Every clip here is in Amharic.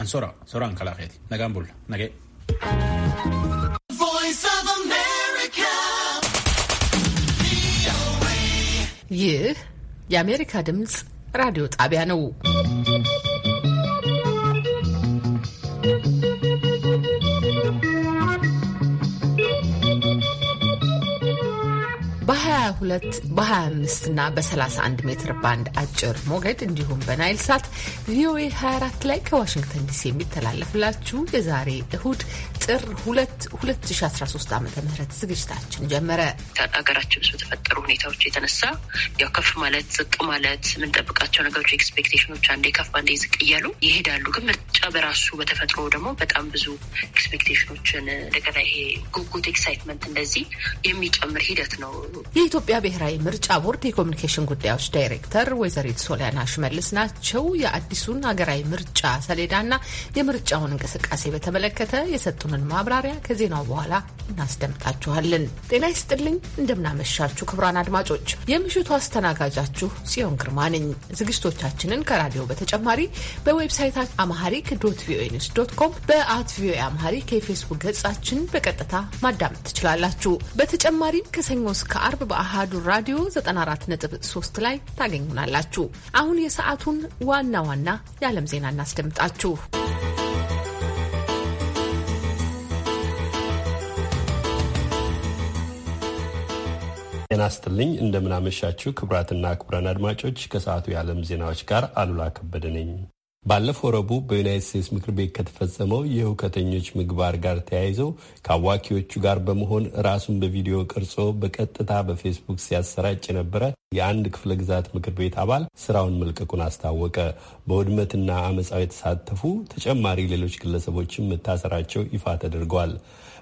en sora soraan kalaqeeti nagaan bulla nagee. ይህ የአሜሪካ ድምፅ ራዲዮ ጣቢያ ነው። በ22 በ25 እና በ31 ሜትር ባንድ አጭር ሞገድ እንዲሁም በናይል ሳት ቪኦኤ 24 ላይ ከዋሽንግተን ዲሲ የሚተላለፍላችሁ የዛሬ እሁድ ጥር ሁለት ሁለት ሺ ዝግጅታችን ጀመረ። ሀገራችን ውስጥ በተፈጠሩ ሁኔታዎች የተነሳ ያው ከፍ ማለት ዝቅ ማለት የምንጠብቃቸው ነገሮች ኤክስፔክቴሽኖች አንዴ ከፍ አንዴ ዝቅ እያሉ ይሄዳሉ። ግን ምርጫ በራሱ በተፈጥሮ ደግሞ በጣም ብዙ ኤክስፔክቴሽኖችን እንደገና ይሄ ጉጉት፣ ኤክሳይትመንት እንደዚህ የሚጨምር ሂደት ነው። የኢትዮጵያ ብሔራዊ ምርጫ ቦርድ የኮሚኒኬሽን ጉዳዮች ዳይሬክተር ወይዘሪት ሶሊያና ሽመልስ ናቸው። የአዲሱን ሀገራዊ ምርጫ ሰሌዳና የምርጫውን እንቅስቃሴ በተመለከተ የሰጡን የሰጡንን ማብራሪያ ከዜናው በኋላ እናስደምጣችኋለን። ጤና ይስጥልኝ፣ እንደምናመሻችሁ ክቡራን አድማጮች፣ የምሽቱ አስተናጋጃችሁ ጽዮን ግርማ ነኝ። ዝግጅቶቻችንን ከራዲዮ በተጨማሪ በዌብሳይታችን አማሃሪክ ዶት ቪኦኤ ኒውስ ዶት ኮም፣ በአት ቪኦኤ አማሃሪክ የፌስቡክ ገጻችን በቀጥታ ማዳመጥ ትችላላችሁ። በተጨማሪም ከሰኞ እስከ አርብ በአሃዱ ራዲዮ 94.3 ላይ ታገኙናላችሁ። አሁን የሰዓቱን ዋና ዋና የዓለም ዜና እናስደምጣችሁ። ጤና ስትልኝ እንደምናመሻችሁ ክቡራትና ክቡራን አድማጮች ከሰዓቱ የዓለም ዜናዎች ጋር አሉላ ከበደ ነኝ። ባለፈው ረቡዕ በዩናይት ስቴትስ ምክር ቤት ከተፈጸመው የሁከተኞች ምግባር ጋር ተያይዘው ከአዋኪዎቹ ጋር በመሆን ራሱን በቪዲዮ ቀርጾ በቀጥታ በፌስቡክ ሲያሰራጭ የነበረ የአንድ ክፍለ ግዛት ምክር ቤት አባል ስራውን መልቀቁን አስታወቀ። በውድመትና አመፃው የተሳተፉ ተጨማሪ ሌሎች ግለሰቦችም መታሰራቸው ይፋ ተደርጓል።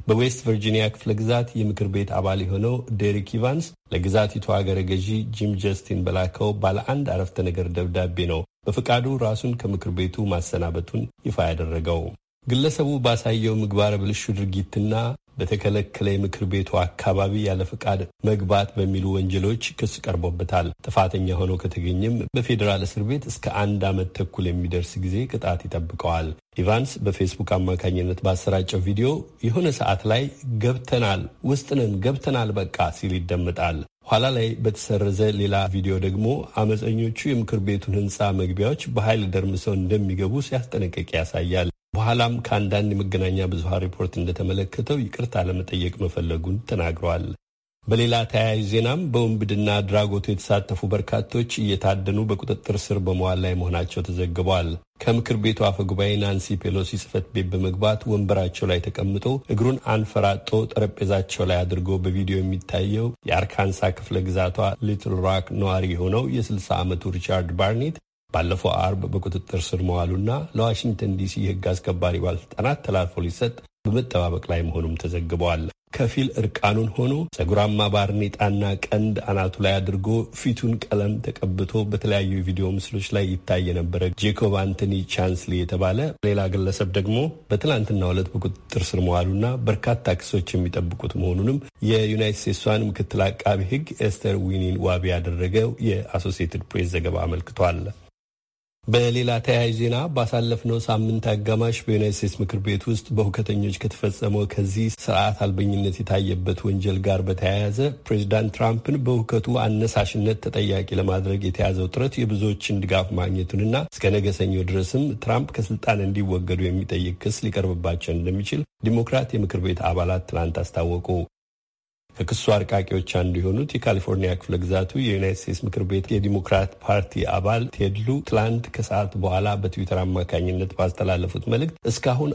በዌስት ቨርጂኒያ ክፍለ ግዛት የምክር ቤት አባል የሆነው ዴሪክ ኢቫንስ ለግዛቲቱ ሀገረ ገዢ ጂም ጀስቲን በላከው ባለ አንድ አረፍተ ነገር ደብዳቤ ነው በፈቃዱ ራሱን ከምክር ቤቱ ማሰናበቱን ይፋ ያደረገው ግለሰቡ ባሳየው ምግባረ ብልሹ ድርጊትና በተከለከለ የምክር ቤቱ አካባቢ ያለ ፈቃድ መግባት በሚሉ ወንጀሎች ክስ ቀርቦበታል። ጥፋተኛ ሆኖ ከተገኘም በፌዴራል እስር ቤት እስከ አንድ ዓመት ተኩል የሚደርስ ጊዜ ቅጣት ይጠብቀዋል። ኢቫንስ በፌስቡክ አማካኝነት ባሰራጨው ቪዲዮ የሆነ ሰዓት ላይ ገብተናል፣ ውስጥንን ገብተናል በቃ ሲል ይደመጣል። ኋላ ላይ በተሰረዘ ሌላ ቪዲዮ ደግሞ አመፀኞቹ የምክር ቤቱን ህንፃ መግቢያዎች በኃይል ደርምሰው እንደሚገቡ ሲያስጠነቀቅ ያሳያል። በኋላም ከአንዳንድ የመገናኛ ብዙሃን ሪፖርት እንደተመለከተው ይቅርታ ለመጠየቅ መፈለጉን ተናግረዋል። በሌላ ተያያዥ ዜናም በውንብድና አድራጎቱ የተሳተፉ በርካቶች እየታደኑ በቁጥጥር ስር በመዋል ላይ መሆናቸው ተዘግበዋል። ከምክር ቤቱ አፈ ጉባኤ ናንሲ ፔሎሲ ጽህፈት ቤት በመግባት ወንበራቸው ላይ ተቀምጦ እግሩን አንፈራጦ ጠረጴዛቸው ላይ አድርጎ በቪዲዮ የሚታየው የአርካንሳ ክፍለ ግዛቷ ሊትል ራክ ነዋሪ የሆነው የ60 ዓመቱ ሪቻርድ ባርኔት ባለፈው አርብ በቁጥጥር ስር መዋሉና ለዋሽንግተን ዲሲ የህግ አስከባሪ ባለስልጣናት ተላልፎ ሊሰጥ በመጠባበቅ ላይ መሆኑም ተዘግበዋል። ከፊል እርቃኑን ሆኖ ጸጉራማ ባርኔጣና ቀንድ አናቱ ላይ አድርጎ ፊቱን ቀለም ተቀብቶ በተለያዩ የቪዲዮ ምስሎች ላይ ይታይ የነበረ ጄኮብ አንቶኒ ቻንስሊ የተባለ ሌላ ግለሰብ ደግሞ በትናንትናው ዕለት በቁጥጥር ስር መዋሉና በርካታ ክሶች የሚጠብቁት መሆኑንም የዩናይት ስቴትሷን ምክትል አቃቢ ህግ ኤስተር ዊኒን ዋቢ ያደረገው የአሶሲየትድ ፕሬስ ዘገባ አመልክቷል። በሌላ ተያያዥ ዜና ባሳለፍነው ሳምንት አጋማሽ በዩናይት ስቴትስ ምክር ቤት ውስጥ በሁከተኞች ከተፈጸመው ከዚህ ስርዓት አልበኝነት የታየበት ወንጀል ጋር በተያያዘ ፕሬዚዳንት ትራምፕን በሁከቱ አነሳሽነት ተጠያቂ ለማድረግ የተያዘው ጥረት የብዙዎችን ድጋፍ ማግኘቱንና እስከ ነገ ሰኞ ድረስም ትራምፕ ከስልጣን እንዲወገዱ የሚጠይቅ ክስ ሊቀርብባቸው እንደሚችል ዲሞክራት የምክር ቤት አባላት ትናንት አስታወቁ። ከክሱ አርቃቂዎች አንዱ የሆኑት የካሊፎርኒያ ክፍለ ግዛቱ የዩናይት ስቴትስ ምክር ቤት የዲሞክራት ፓርቲ አባል ቴድሉ ትላንት ከሰዓት በኋላ በትዊተር አማካኝነት ባስተላለፉት መልእክት እስካሁን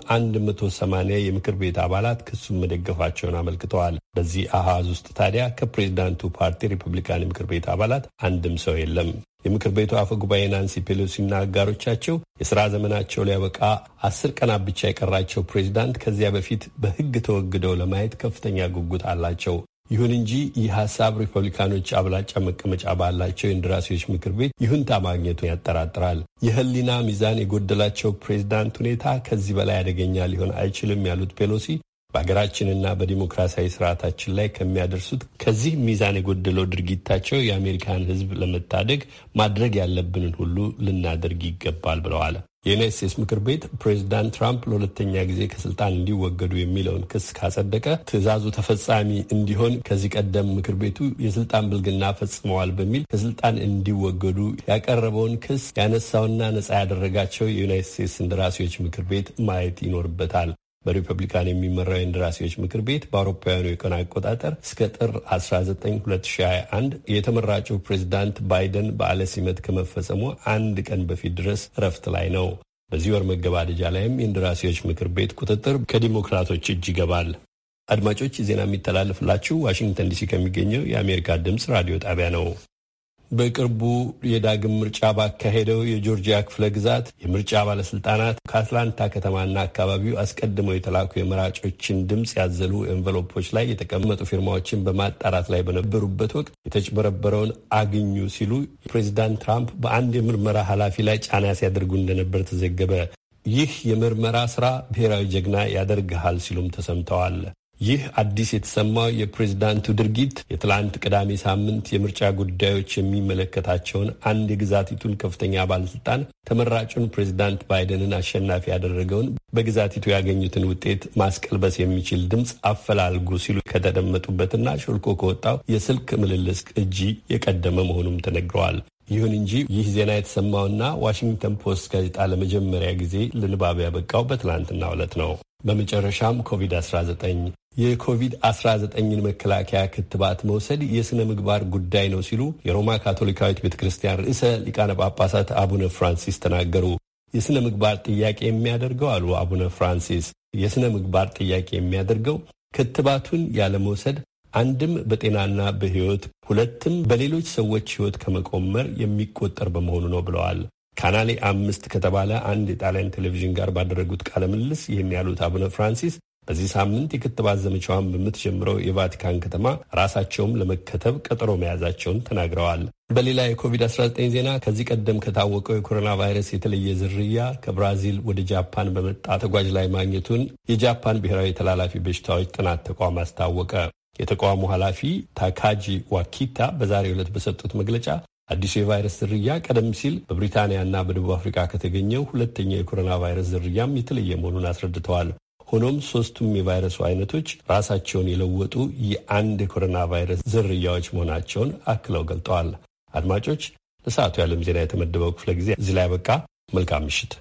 180 የምክር ቤት አባላት ክሱን መደገፋቸውን አመልክተዋል። በዚህ አሃዝ ውስጥ ታዲያ ከፕሬዚዳንቱ ፓርቲ ሪፐብሊካን የምክር ቤት አባላት አንድም ሰው የለም። የምክር ቤቱ አፈ ጉባኤ ናንሲ ፔሎሲና አጋሮቻቸው የስራ ዘመናቸው ሊያበቃ አስር ቀናት ብቻ የቀራቸው ፕሬዚዳንት ከዚያ በፊት በህግ ተወግደው ለማየት ከፍተኛ ጉጉት አላቸው። ይሁን እንጂ ይህ ሀሳብ ሪፐብሊካኖች አብላጫ መቀመጫ ባላቸው የእንደራሴዎች ምክር ቤት ይሁንታ ማግኘቱን ያጠራጥራል። የህሊና ሚዛን የጎደላቸው ፕሬዚዳንት ሁኔታ ከዚህ በላይ አደገኛ ሊሆን አይችልም ያሉት ፔሎሲ በሀገራችንና በዲሞክራሲያዊ ስርዓታችን ላይ ከሚያደርሱት ከዚህ ሚዛን የጎደለው ድርጊታቸው የአሜሪካን ሕዝብ ለመታደግ ማድረግ ያለብንን ሁሉ ልናደርግ ይገባል ብለዋል። የዩናይት ስቴትስ ምክር ቤት ፕሬዚዳንት ትራምፕ ለሁለተኛ ጊዜ ከስልጣን እንዲወገዱ የሚለውን ክስ ካጸደቀ ትዕዛዙ ተፈጻሚ እንዲሆን ከዚህ ቀደም ምክር ቤቱ የስልጣን ብልግና ፈጽመዋል በሚል ከስልጣን እንዲወገዱ ያቀረበውን ክስ ያነሳውና ነጻ ያደረጋቸው የዩናይት ስቴትስ እንደራሴዎች ምክር ቤት ማየት ይኖርበታል። በሪፐብሊካን የሚመራው የእንደራሴዎች ምክር ቤት በአውሮፓውያኑ የቀን አቆጣጠር እስከ ጥር 19 2021 የተመራጩ ፕሬዚዳንት ባይደን በዓለ ሲመት ከመፈጸሙ አንድ ቀን በፊት ድረስ እረፍት ላይ ነው። በዚህ ወር መገባደጃ ላይም የእንደራሴዎች ምክር ቤት ቁጥጥር ከዲሞክራቶች እጅ ይገባል። አድማጮች፣ ዜና የሚተላለፍላችሁ ዋሽንግተን ዲሲ ከሚገኘው የአሜሪካ ድምፅ ራዲዮ ጣቢያ ነው። በቅርቡ የዳግም ምርጫ ባካሄደው የጆርጂያ ክፍለ ግዛት የምርጫ ባለስልጣናት ከአትላንታ ከተማና አካባቢው አስቀድመው የተላኩ የመራጮችን ድምፅ ያዘሉ ኤንቨሎፖች ላይ የተቀመጡ ፊርማዎችን በማጣራት ላይ በነበሩበት ወቅት የተጭበረበረውን አግኙ ሲሉ ፕሬዚዳንት ትራምፕ በአንድ የምርመራ ኃላፊ ላይ ጫና ሲያደርጉ እንደነበር ተዘገበ። ይህ የምርመራ ስራ ብሔራዊ ጀግና ያደርግሃል ሲሉም ተሰምተዋል። ይህ አዲስ የተሰማው የፕሬዝዳንቱ ድርጊት የትላንት ቅዳሜ ሳምንት የምርጫ ጉዳዮች የሚመለከታቸውን አንድ የግዛቲቱን ከፍተኛ ባለስልጣን ተመራጩን ፕሬዝዳንት ባይደንን አሸናፊ ያደረገውን በግዛቲቱ ያገኙትን ውጤት ማስቀልበስ የሚችል ድምፅ አፈላልጉ ሲሉ ከተደመጡበትና ሾልኮ ከወጣው የስልክ ምልልስ እጂ የቀደመ መሆኑም ተነግረዋል። ይሁን እንጂ ይህ ዜና የተሰማውና ዋሽንግተን ፖስት ጋዜጣ ለመጀመሪያ ጊዜ ለንባብ ያበቃው በትላንትና ዕለት ነው። በመጨረሻም ኮቪድ-19 የኮቪድ-19ን መከላከያ ክትባት መውሰድ የሥነ ምግባር ጉዳይ ነው ሲሉ የሮማ ካቶሊካዊት ቤተ ክርስቲያን ርዕሰ ሊቃነ ጳጳሳት አቡነ ፍራንሲስ ተናገሩ። የሥነ ምግባር ጥያቄ የሚያደርገው አሉ አቡነ ፍራንሲስ፣ የሥነ ምግባር ጥያቄ የሚያደርገው ክትባቱን ያለመውሰድ አንድም በጤናና በሕይወት ሁለትም በሌሎች ሰዎች ሕይወት ከመቆመር የሚቆጠር በመሆኑ ነው ብለዋል። ካናሌ አምስት ከተባለ አንድ የጣሊያን ቴሌቪዥን ጋር ባደረጉት ቃለ ምልልስ ይህን ያሉት አቡነ ፍራንሲስ በዚህ ሳምንት የክትባት ዘመቻዋን በምትጀምረው የቫቲካን ከተማ ራሳቸውም ለመከተብ ቀጠሮ መያዛቸውን ተናግረዋል። በሌላ የኮቪድ-19 ዜና ከዚህ ቀደም ከታወቀው የኮሮና ቫይረስ የተለየ ዝርያ ከብራዚል ወደ ጃፓን በመጣ ተጓዥ ላይ ማግኘቱን የጃፓን ብሔራዊ የተላላፊ በሽታዎች ጥናት ተቋም አስታወቀ። የተቋሙ ኃላፊ ታካጂ ዋኪታ በዛሬ ዕለት በሰጡት መግለጫ አዲሱ የቫይረስ ዝርያ ቀደም ሲል በብሪታንያና በደቡብ አፍሪካ ከተገኘው ሁለተኛው የኮሮና ቫይረስ ዝርያም የተለየ መሆኑን አስረድተዋል። ሆኖም ሶስቱም የቫይረሱ አይነቶች ራሳቸውን የለወጡ የአንድ የኮሮና ቫይረስ ዝርያዎች መሆናቸውን አክለው ገልጠዋል። አድማጮች፣ ለሰዓቱ የዓለም ዜና የተመደበው ክፍለ ጊዜ እዚህ ላይ ያበቃ። መልካም ምሽት።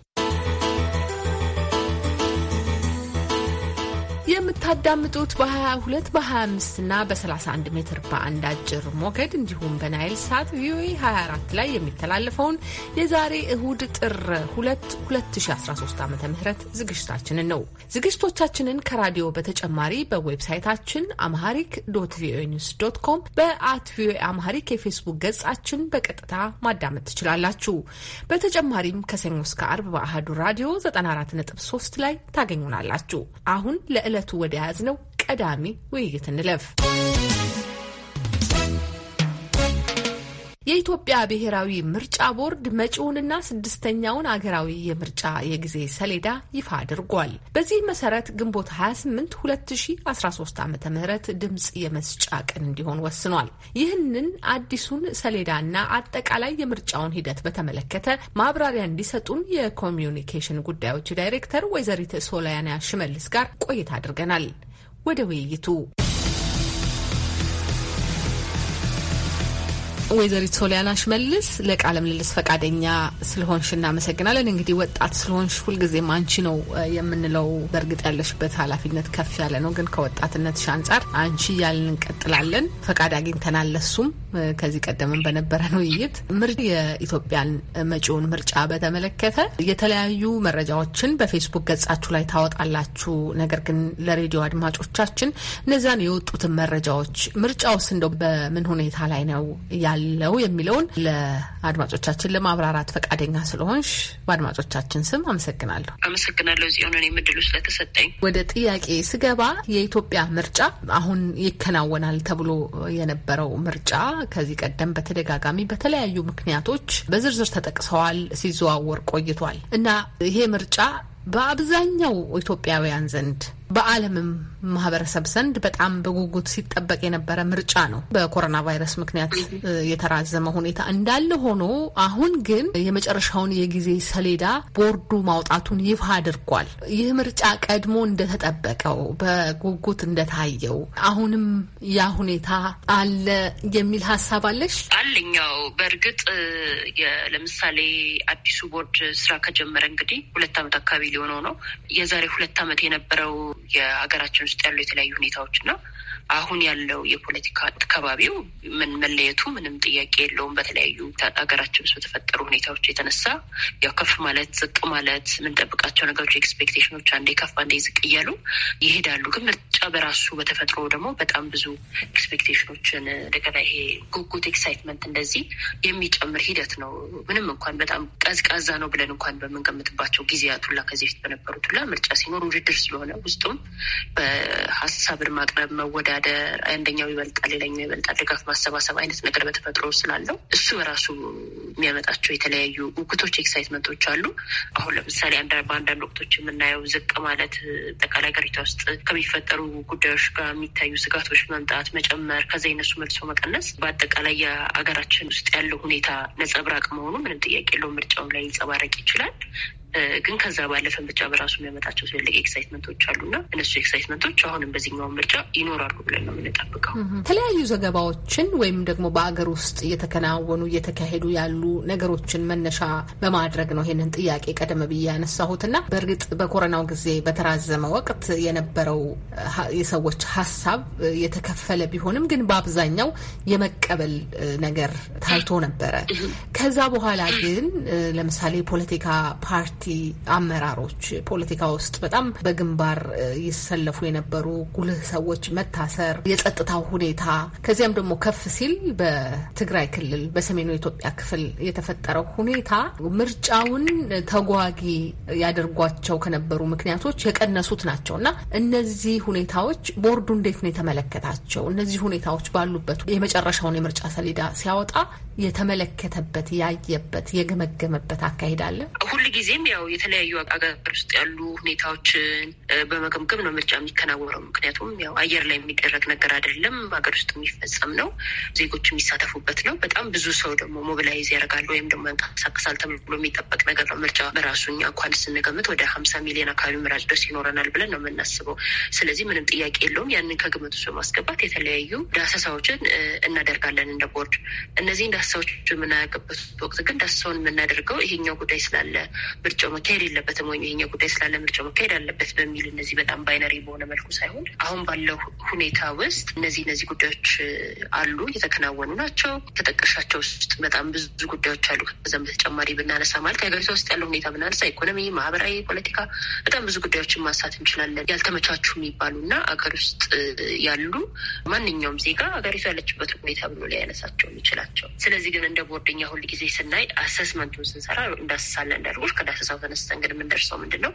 የምታዳምጡት በ22 በ25 እና በ31 ሜትር በአንድ አጭር ሞገድ እንዲሁም በናይል ሳት ቪኦኤ 24 ላይ የሚተላለፈውን የዛሬ እሁድ ጥር 2 2013 ዓ ም ዝግጅታችንን ነው። ዝግጅቶቻችንን ከራዲዮ በተጨማሪ በዌብሳይታችን አምሃሪክ ዶት ቪኦኤ ኒውስ ዶት ኮም፣ በአት ቪኦኤ አምሃሪክ የፌስቡክ ገጻችን በቀጥታ ማዳመጥ ትችላላችሁ። በተጨማሪም ከሰኞ እስከ አርብ በአህዱ ራዲዮ 94.3 ላይ ታገኙናላችሁ። አሁን ለዕለቱ ወደ ያዝነው ቀዳሚ ውይይት እንለፍ። የኢትዮጵያ ብሔራዊ ምርጫ ቦርድ መጪውንና ስድስተኛውን አገራዊ የምርጫ የጊዜ ሰሌዳ ይፋ አድርጓል። በዚህ መሰረት ግንቦት 28 2013 ዓ ም ድምፅ የመስጫ ቀን እንዲሆን ወስኗል። ይህንን አዲሱን ሰሌዳና አጠቃላይ የምርጫውን ሂደት በተመለከተ ማብራሪያ እንዲሰጡን የኮሚዩኒኬሽን ጉዳዮች ዳይሬክተር ወይዘሪት ሶላያና ሽመልስ ጋር ቆይታ አድርገናል። ወደ ውይይቱ ወይዘሪት ሶሊያና ሽመልስ ለቃለ ምልልስ ፈቃደኛ ስለሆንሽ እናመሰግናለን። እንግዲህ ወጣት ስለሆንሽ ሁልጊዜም አንቺ ነው የምንለው። በእርግጥ ያለሽበት ኃላፊነት ከፍ ያለ ነው፣ ግን ከወጣትነትሽ አንጻር አንቺ እያልን እንቀጥላለን። ፈቃድ አግኝተናል ለሱም ከዚህ ቀደምም በነበረን ውይይት የኢትዮጵያን መጪውን ምርጫ በተመለከተ የተለያዩ መረጃዎችን በፌስቡክ ገጻችሁ ላይ ታወጣላችሁ። ነገር ግን ለሬዲዮ አድማጮቻችን እነዚያን የወጡትን መረጃዎች ምርጫውስ እንደው በምን ሁኔታ ላይ ነው ያለው የሚለውን ለአድማጮቻችን ለማብራራት ፈቃደኛ ስለሆንሽ በአድማጮቻችን ስም አመሰግናለሁ። አመሰግናለሁ እዚህ ሆነ ስለተሰጠኝ። ወደ ጥያቄ ስገባ የኢትዮጵያ ምርጫ አሁን ይከናወናል ተብሎ የነበረው ምርጫ ከዚህ ቀደም በተደጋጋሚ በተለያዩ ምክንያቶች በዝርዝር ተጠቅሰዋል፣ ሲዘዋወር ቆይቷል እና ይሄ ምርጫ በአብዛኛው ኢትዮጵያውያን ዘንድ በዓለምም ማህበረሰብ ዘንድ በጣም በጉጉት ሲጠበቅ የነበረ ምርጫ ነው። በኮሮና ቫይረስ ምክንያት የተራዘመ ሁኔታ እንዳለ ሆኖ አሁን ግን የመጨረሻውን የጊዜ ሰሌዳ ቦርዱ ማውጣቱን ይፋ አድርጓል። ይህ ምርጫ ቀድሞ እንደተጠበቀው በጉጉት እንደታየው አሁንም ያ ሁኔታ አለ የሚል ሀሳብ አለሽ? አለኛው በእርግጥ ለምሳሌ አዲሱ ቦርድ ስራ ከጀመረ እንግዲህ ሁለት ዓመት አካባቢ ሊሆነው ነው። የዛሬ ሁለት ዓመት የነበረው የሀገራችን ውስጥ ያሉ የተለያዩ ሁኔታዎች ነው አሁን ያለው የፖለቲካ አካባቢው ምን መለየቱ ምንም ጥያቄ የለውም። በተለያዩ ሀገራችን ውስጥ በተፈጠሩ ሁኔታዎች የተነሳ ያው ከፍ ማለት ዝቅ ማለት የምንጠብቃቸው ነገሮች ኤክስፔክቴሽኖች አንዴ ከፍ አንዴ ዝቅ እያሉ ይሄዳሉ። ግን ምርጫ በራሱ በተፈጥሮ ደግሞ በጣም ብዙ ኤክስፔክቴሽኖችን እንደገና ይሄ ጉጉት፣ ኤክሳይትመንት እንደዚህ የሚጨምር ሂደት ነው። ምንም እንኳን በጣም ቀዝቃዛ ነው ብለን እንኳን በምንገምትባቸው ጊዜያት ሁላ ከዚህ በፊት በነበሩት ሁላ ምርጫ ሲኖር ውድድር ስለሆነ ውስጡም በሀሳብን ማቅረብ መወዳ መወዳደር፣ አንደኛው ይበልጣል፣ ሌላኛው ይበልጣል፣ ድጋፍ ማሰባሰብ አይነት ነገር በተፈጥሮ ስላለው እሱ በራሱ የሚያመጣቸው የተለያዩ ውክቶች፣ ኤክሳይትመንቶች አሉ። አሁን ለምሳሌ በአንዳንድ ወቅቶች የምናየው ዝቅ ማለት ጠቃላይ ሀገሪቷ ውስጥ ከሚፈጠሩ ጉዳዮች ጋር የሚታዩ ስጋቶች መምጣት፣ መጨመር፣ ከዚ የነሱ መልሶ መቀነስ በአጠቃላይ የሀገራችን ውስጥ ያለው ሁኔታ ነጸብራቅ መሆኑ ምንም ጥያቄ የለውም። ምርጫውም ላይ ሊንጸባረቅ ይችላል። ግን ከዛ ባለፈ ምርጫ በራሱ የሚያመጣቸው ትልልቅ ኤክሳይትመንቶች አሉና እነሱ ኤክሳይትመንቶች አሁንም በዚህኛው ምርጫ ይኖራሉ ብለን ነው የምንጠብቀው። የተለያዩ ዘገባዎችን ወይም ደግሞ በአገር ውስጥ እየተከናወኑ እየተካሄዱ ያሉ ነገሮችን መነሻ በማድረግ ነው ይህንን ጥያቄ ቀደም ብዬ እና በእርግጥ በኮረናው ጊዜ በተራዘመ ወቅት የነበረው የሰዎች ሀሳብ የተከፈለ ቢሆንም ግን በአብዛኛው የመቀበል ነገር ታይቶ ነበረ። ከዛ በኋላ ግን ለምሳሌ የፖለቲካ ፓርቲ አመራሮች ፖለቲካ ውስጥ በጣም በግንባር ይሰለፉ የነበሩ ጉልህ ሰዎች መታሰር፣ የጸጥታው ሁኔታ ከዚያም ደግሞ ከፍ ሲል በትግራይ ክልል በሰሜኑ የኢትዮጵያ ክፍል የተፈጠረው ሁኔታ ምርጫውን ተጓጊ ያደርጓቸው ከነበሩ ምክንያቶች የቀነሱት ናቸው እና እነዚህ ሁኔታዎች ቦርዱ እንዴት ነው የተመለከታቸው? እነዚህ ሁኔታዎች ባሉበት የመጨረሻውን የምርጫ ሰሌዳ ሲያወጣ የተመለከተበት ያየበት የገመገመበት አካሄድ አለ ጊዜም ያው የተለያዩ አገር ውስጥ ያሉ ሁኔታዎችን በመገምገም ነው ምርጫ የሚከናወነው። ምክንያቱም ያው አየር ላይ የሚደረግ ነገር አይደለም፣ ሀገር ውስጥ የሚፈጸም ነው፣ ዜጎች የሚሳተፉበት ነው። በጣም ብዙ ሰው ደግሞ ሞቢላይዝ ያደርጋል ወይም ደግሞ ያንቀሳቀሳል ተብሎ የሚጠበቅ ነገር ነው። ምርጫ በራሱ እኛ እንኳን ስንገምት ወደ ሀምሳ ሚሊዮን አካባቢ ምራጭ ድረስ ይኖረናል ብለን ነው የምናስበው። ስለዚህ ምንም ጥያቄ የለውም። ያንን ከግምት ውስጥ በማስገባት የተለያዩ ዳሰሳዎችን እናደርጋለን እንደ ቦርድ። እነዚህን ዳሰሳዎች የምናደርግበት ወቅት ግን ዳሰሳውን የምናደርገው ይሄኛው ጉዳይ ስላለ ምርጫው መካሄድ የለበትም ወይም ይሄኛው ጉዳይ ስላለ ምርጫው መካሄድ አለበት በሚል እነዚህ በጣም ባይነሪ በሆነ መልኩ ሳይሆን አሁን ባለው ሁኔታ ውስጥ እነዚህ እነዚህ ጉዳዮች አሉ፣ የተከናወኑ ናቸው። ተጠቀሻቸው ውስጥ በጣም ብዙ ጉዳዮች አሉ። ከዛም በተጨማሪ ብናነሳ ማለት ሀገሪቷ ውስጥ ያለው ሁኔታ ብናነሳ ኢኮኖሚ፣ ማህበራዊ፣ ፖለቲካ በጣም ብዙ ጉዳዮችን ማንሳት እንችላለን። ያልተመቻቹ የሚባሉ እና አገር ውስጥ ያሉ ማንኛውም ዜጋ ሀገሪቷ ያለችበት ሁኔታ ብሎ ሊያነሳቸው የሚችላቸው። ስለዚህ ግን እንደ ቦርድኛ ሁል ጊዜ ስናይ አሰስመንቱን ስንሰራ እንዳስሳለን እንዳልጎች ከዳሰ ከዛው ተነስተን ግን የምንደርሰው ምንድን ነው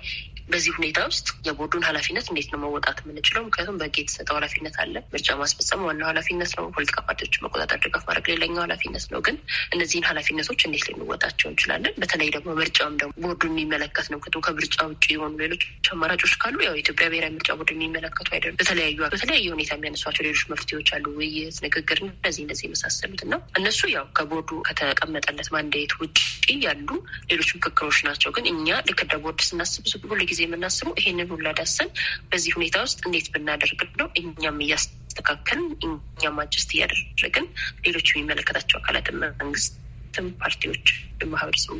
በዚህ ሁኔታ ውስጥ የቦርዱን ኃላፊነት እንዴት ነው መወጣት የምንችለው? ምክንያቱም በህግ የተሰጠው ኃላፊነት አለ። ምርጫ ማስፈጸም ዋናው ኃላፊነት ነው። ፖለቲካ ፓርቲዎች መቆጣጠር፣ ድጋፍ ማድረግ ሌላኛው ኃላፊነት ነው። ግን እነዚህን ኃላፊነቶች እንዴት ልንወጣቸው እንችላለን? በተለይ ደግሞ ምርጫም ደግሞ ቦርዱ የሚመለከት ነው። ምክንያቱም ከምርጫ ውጭ የሆኑ ሌሎች አማራጮች ካሉ ያው የኢትዮጵያ ብሔራዊ ምርጫ ቦርድ የሚመለከቱ አይደሉም። በተለያዩ በተለያየ ሁኔታ የሚያነሷቸው ሌሎች መፍትሄዎች አሉ። ውይይት፣ ንግግር፣ እነዚህ እነዚህ የመሳሰሉት ነው። እነሱ ያው ከቦርዱ ከተቀመጠለት ማንዴት ውጭ ያሉ ሌሎች ምክክሮች ናቸው። ግን እኛ ልክ እንደ ቦርድ ስናስብ ሁሉ ጊዜ ጊዜ የምናስበው ይሄንን ሁላ ዳሰን በዚህ ሁኔታ ውስጥ እንዴት ብናደርግ ነው እኛም እያስተካከልን እኛም አጀስት እያደረግን ሌሎች የሚመለከታቸው አካላት መንግስትም፣ ፓርቲዎች፣ ማህበረሰቡ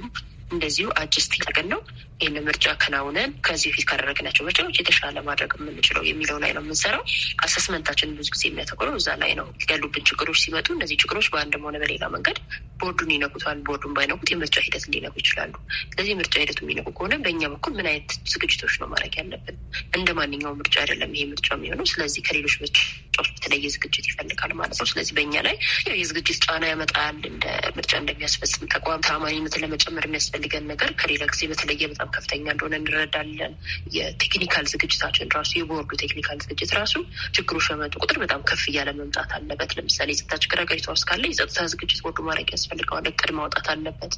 እንደዚሁ አጀስት እያደረገን ነው ይህን ምርጫ ከናውነን ከዚህ በፊት ካደረግናቸው ምርጫዎች የተሻለ ማድረግ የምንችለው የሚለው ላይ ነው የምንሰራው። አሰስመንታችን ብዙ ጊዜ የሚያተኩረው እዛ ላይ ነው። ያሉብን ችግሮች ሲመጡ እነዚህ ችግሮች በአንድም ሆነ በሌላ መንገድ ቦርዱን ይነቁታል። ቦርዱን ባይነቁት የምርጫ ሂደት ሊነቁ ይችላሉ። ስለዚህ ምርጫ ሂደቱ የሚነቁ ከሆነ በእኛ በኩል ምን አይነት ዝግጅቶች ነው ማድረግ ያለብን? እንደ ማንኛውም ምርጫ አይደለም ይሄ ምርጫ የሚሆነው። ስለዚህ ከሌሎች ምርጫዎች በተለየ ዝግጅት ይፈልጋል ማለት ነው። ስለዚህ በእኛ ላይ የዝግጅት ጫና ያመጣል። እንደ ምርጫ እንደሚያስፈጽም ተቋም ታማኝነትን ለመጨመር የሚያስፈልገን ነገር ከሌላ ጊዜ በተለየ በጣም ከፍተኛ እንደሆነ እንረዳለን። የቴክኒካል ዝግጅታችን ራሱ የቦርዱ ቴክኒካል ዝግጅት ራሱ ችግሮች በመጡ ቁጥር በጣም ከፍ እያለ መምጣት አለበት። ለምሳሌ የጸጥታ ችግር ሀገሪቷ ውስጥ ካለ የጸጥታ ዝግጅት ቦርዱ ማድረግ ያስፈልገዋል። እቅድ ማውጣት አለበት።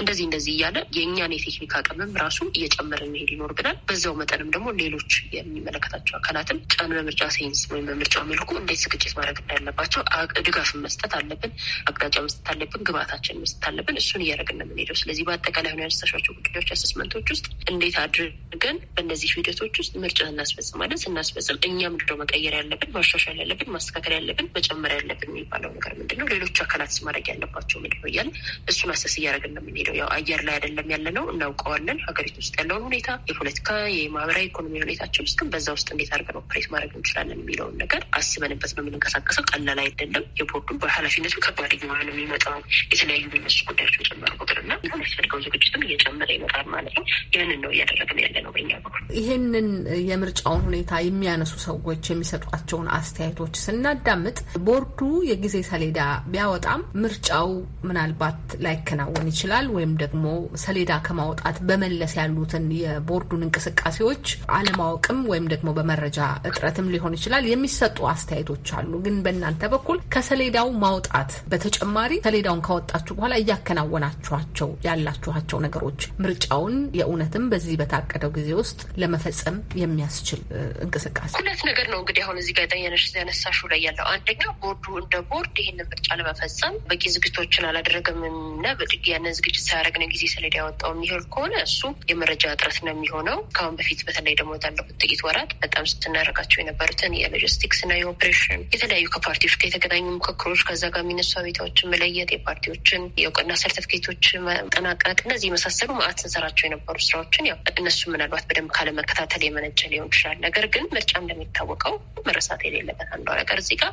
እንደዚህ እንደዚህ እያለ የእኛን የቴክኒክ አቅምም ራሱ እየጨመረ መሄድ ይኖርብናል። በዛው መጠንም ደግሞ ሌሎች የሚመለከታቸው አካላትም ጫን በምርጫ ሳይንስ ወይም በምርጫ መልኩ እንዴት ዝግጅት ማድረግ እንዳለባቸው ድጋፍን መስጠት አለብን። አቅጣጫ መስጠት አለብን። ግብአታችን መስጠት አለብን። እሱን እያደረግን ነው የምንሄደው። ስለዚህ በአጠቃላይ ሁን ያነሳሻቸው ጉዳዮች አሰስመንቶች ውስጥ እንዴት አድርገን በእነዚህ ሂደቶች ውስጥ ምርጫ እናስፈጽማለን። ስናስፈጽም እኛ ምንድነው መቀየር ያለብን፣ ማሻሻል ያለብን፣ ማስተካከል ያለብን፣ መጨመር ያለብን የሚባለው ነገር ምንድነው፣ ሌሎች አካላት ማድረግ ያለባቸው ምንድነው እያለ እሱን አሰስ እያደረግን ነው የምንሄደው። ያው አየር ላይ አይደለም ያለ ነው እናውቀዋለን። ሀገሪቱ ውስጥ ያለውን ሁኔታ የፖለቲካ የማህበራዊ ኢኮኖሚ ሁኔታችን ውስጥ ግን በዛ ውስጥ እንዴት አድርገን ኦፕሬት ማድረግ እንችላለን የሚለውን ነገር አስበንበት ነው የምንንቀሳቀሰው። ቀላል አይደለም። የቦርዱ በኃላፊነቱ ከባድ እየሆነ ነው የሚመጣው የተለያዩ የሚነሱ ጉዳዮች የጨመሩ ቁጥርና የሚያስፈልገው ዝግጅትም እየጨመረ ይመጣል ማለት ነው። ይህንን ነው እያደረግን ያለ ነው በኛ በኩል። ይህንን የምርጫውን ሁኔታ የሚያነሱ ሰዎች የሚሰጧቸውን አስተያየቶች ስናዳምጥ ቦርዱ የጊዜ ሰሌዳ ቢያወጣም ምርጫው ምናልባት ላይከናወን ይችላል ወይም ደግሞ ሰሌዳ ከማውጣት በመለስ ያሉትን የቦርዱን እንቅስቃሴዎች አለማወቅም ወይም ደግሞ በመረጃ እጥረትም ሊሆን ይችላል የሚሰጡ አስተያየቶች አሉ። ግን በእናንተ በኩል ከሰሌዳው ማውጣት በተጨማሪ ሰሌዳውን ካወጣችሁ በኋላ እያከናወናችኋቸው ያላችኋቸው ነገሮች ምርጫውን የእውነ እውነትም በዚህ በታቀደው ጊዜ ውስጥ ለመፈጸም የሚያስችል እንቅስቃሴ ሁለት ነገር ነው እንግዲህ አሁን እዚህ ጋር የጠየነሽ ያነሳሹ ላይ ያለው አንደኛው ቦርዱ እንደ ቦርድ ይህንን ምርጫ ለመፈጸም በቂ ዝግጅቶችን አላደረገምና እና ያንን ዝግጅት ሳያደረግን ጊዜ ሰሌዳ ያወጣው የሚሆን ከሆነ እሱ የመረጃ እጥረት ነው የሚሆነው። ከአሁን በፊት በተለይ ደግሞ ባለፉት ጥቂት ወራት በጣም ስናደርጋቸው የነበሩትን የሎጂስቲክስ እና የኦፕሬሽን የተለያዩ ከፓርቲዎች ጋር የተገናኙ ምክክሮች፣ ከዛ ጋር የሚነሱ አቤታዎችን መለየት፣ የፓርቲዎችን የእውቅና ሰርተፍኬቶች መጠናቀቅ፣ እነዚህ የመሳሰሉ ማአት ስንሰራቸው የነበሩ የሚሰሩ ስራዎችን ያው እነሱ ምናልባት በደንብ ካለመከታተል የመነጨ ሊሆን ይችላል። ነገር ግን ምርጫ እንደሚታወቀው መረሳት የሌለበት አንዷ ነገር እዚህ ጋር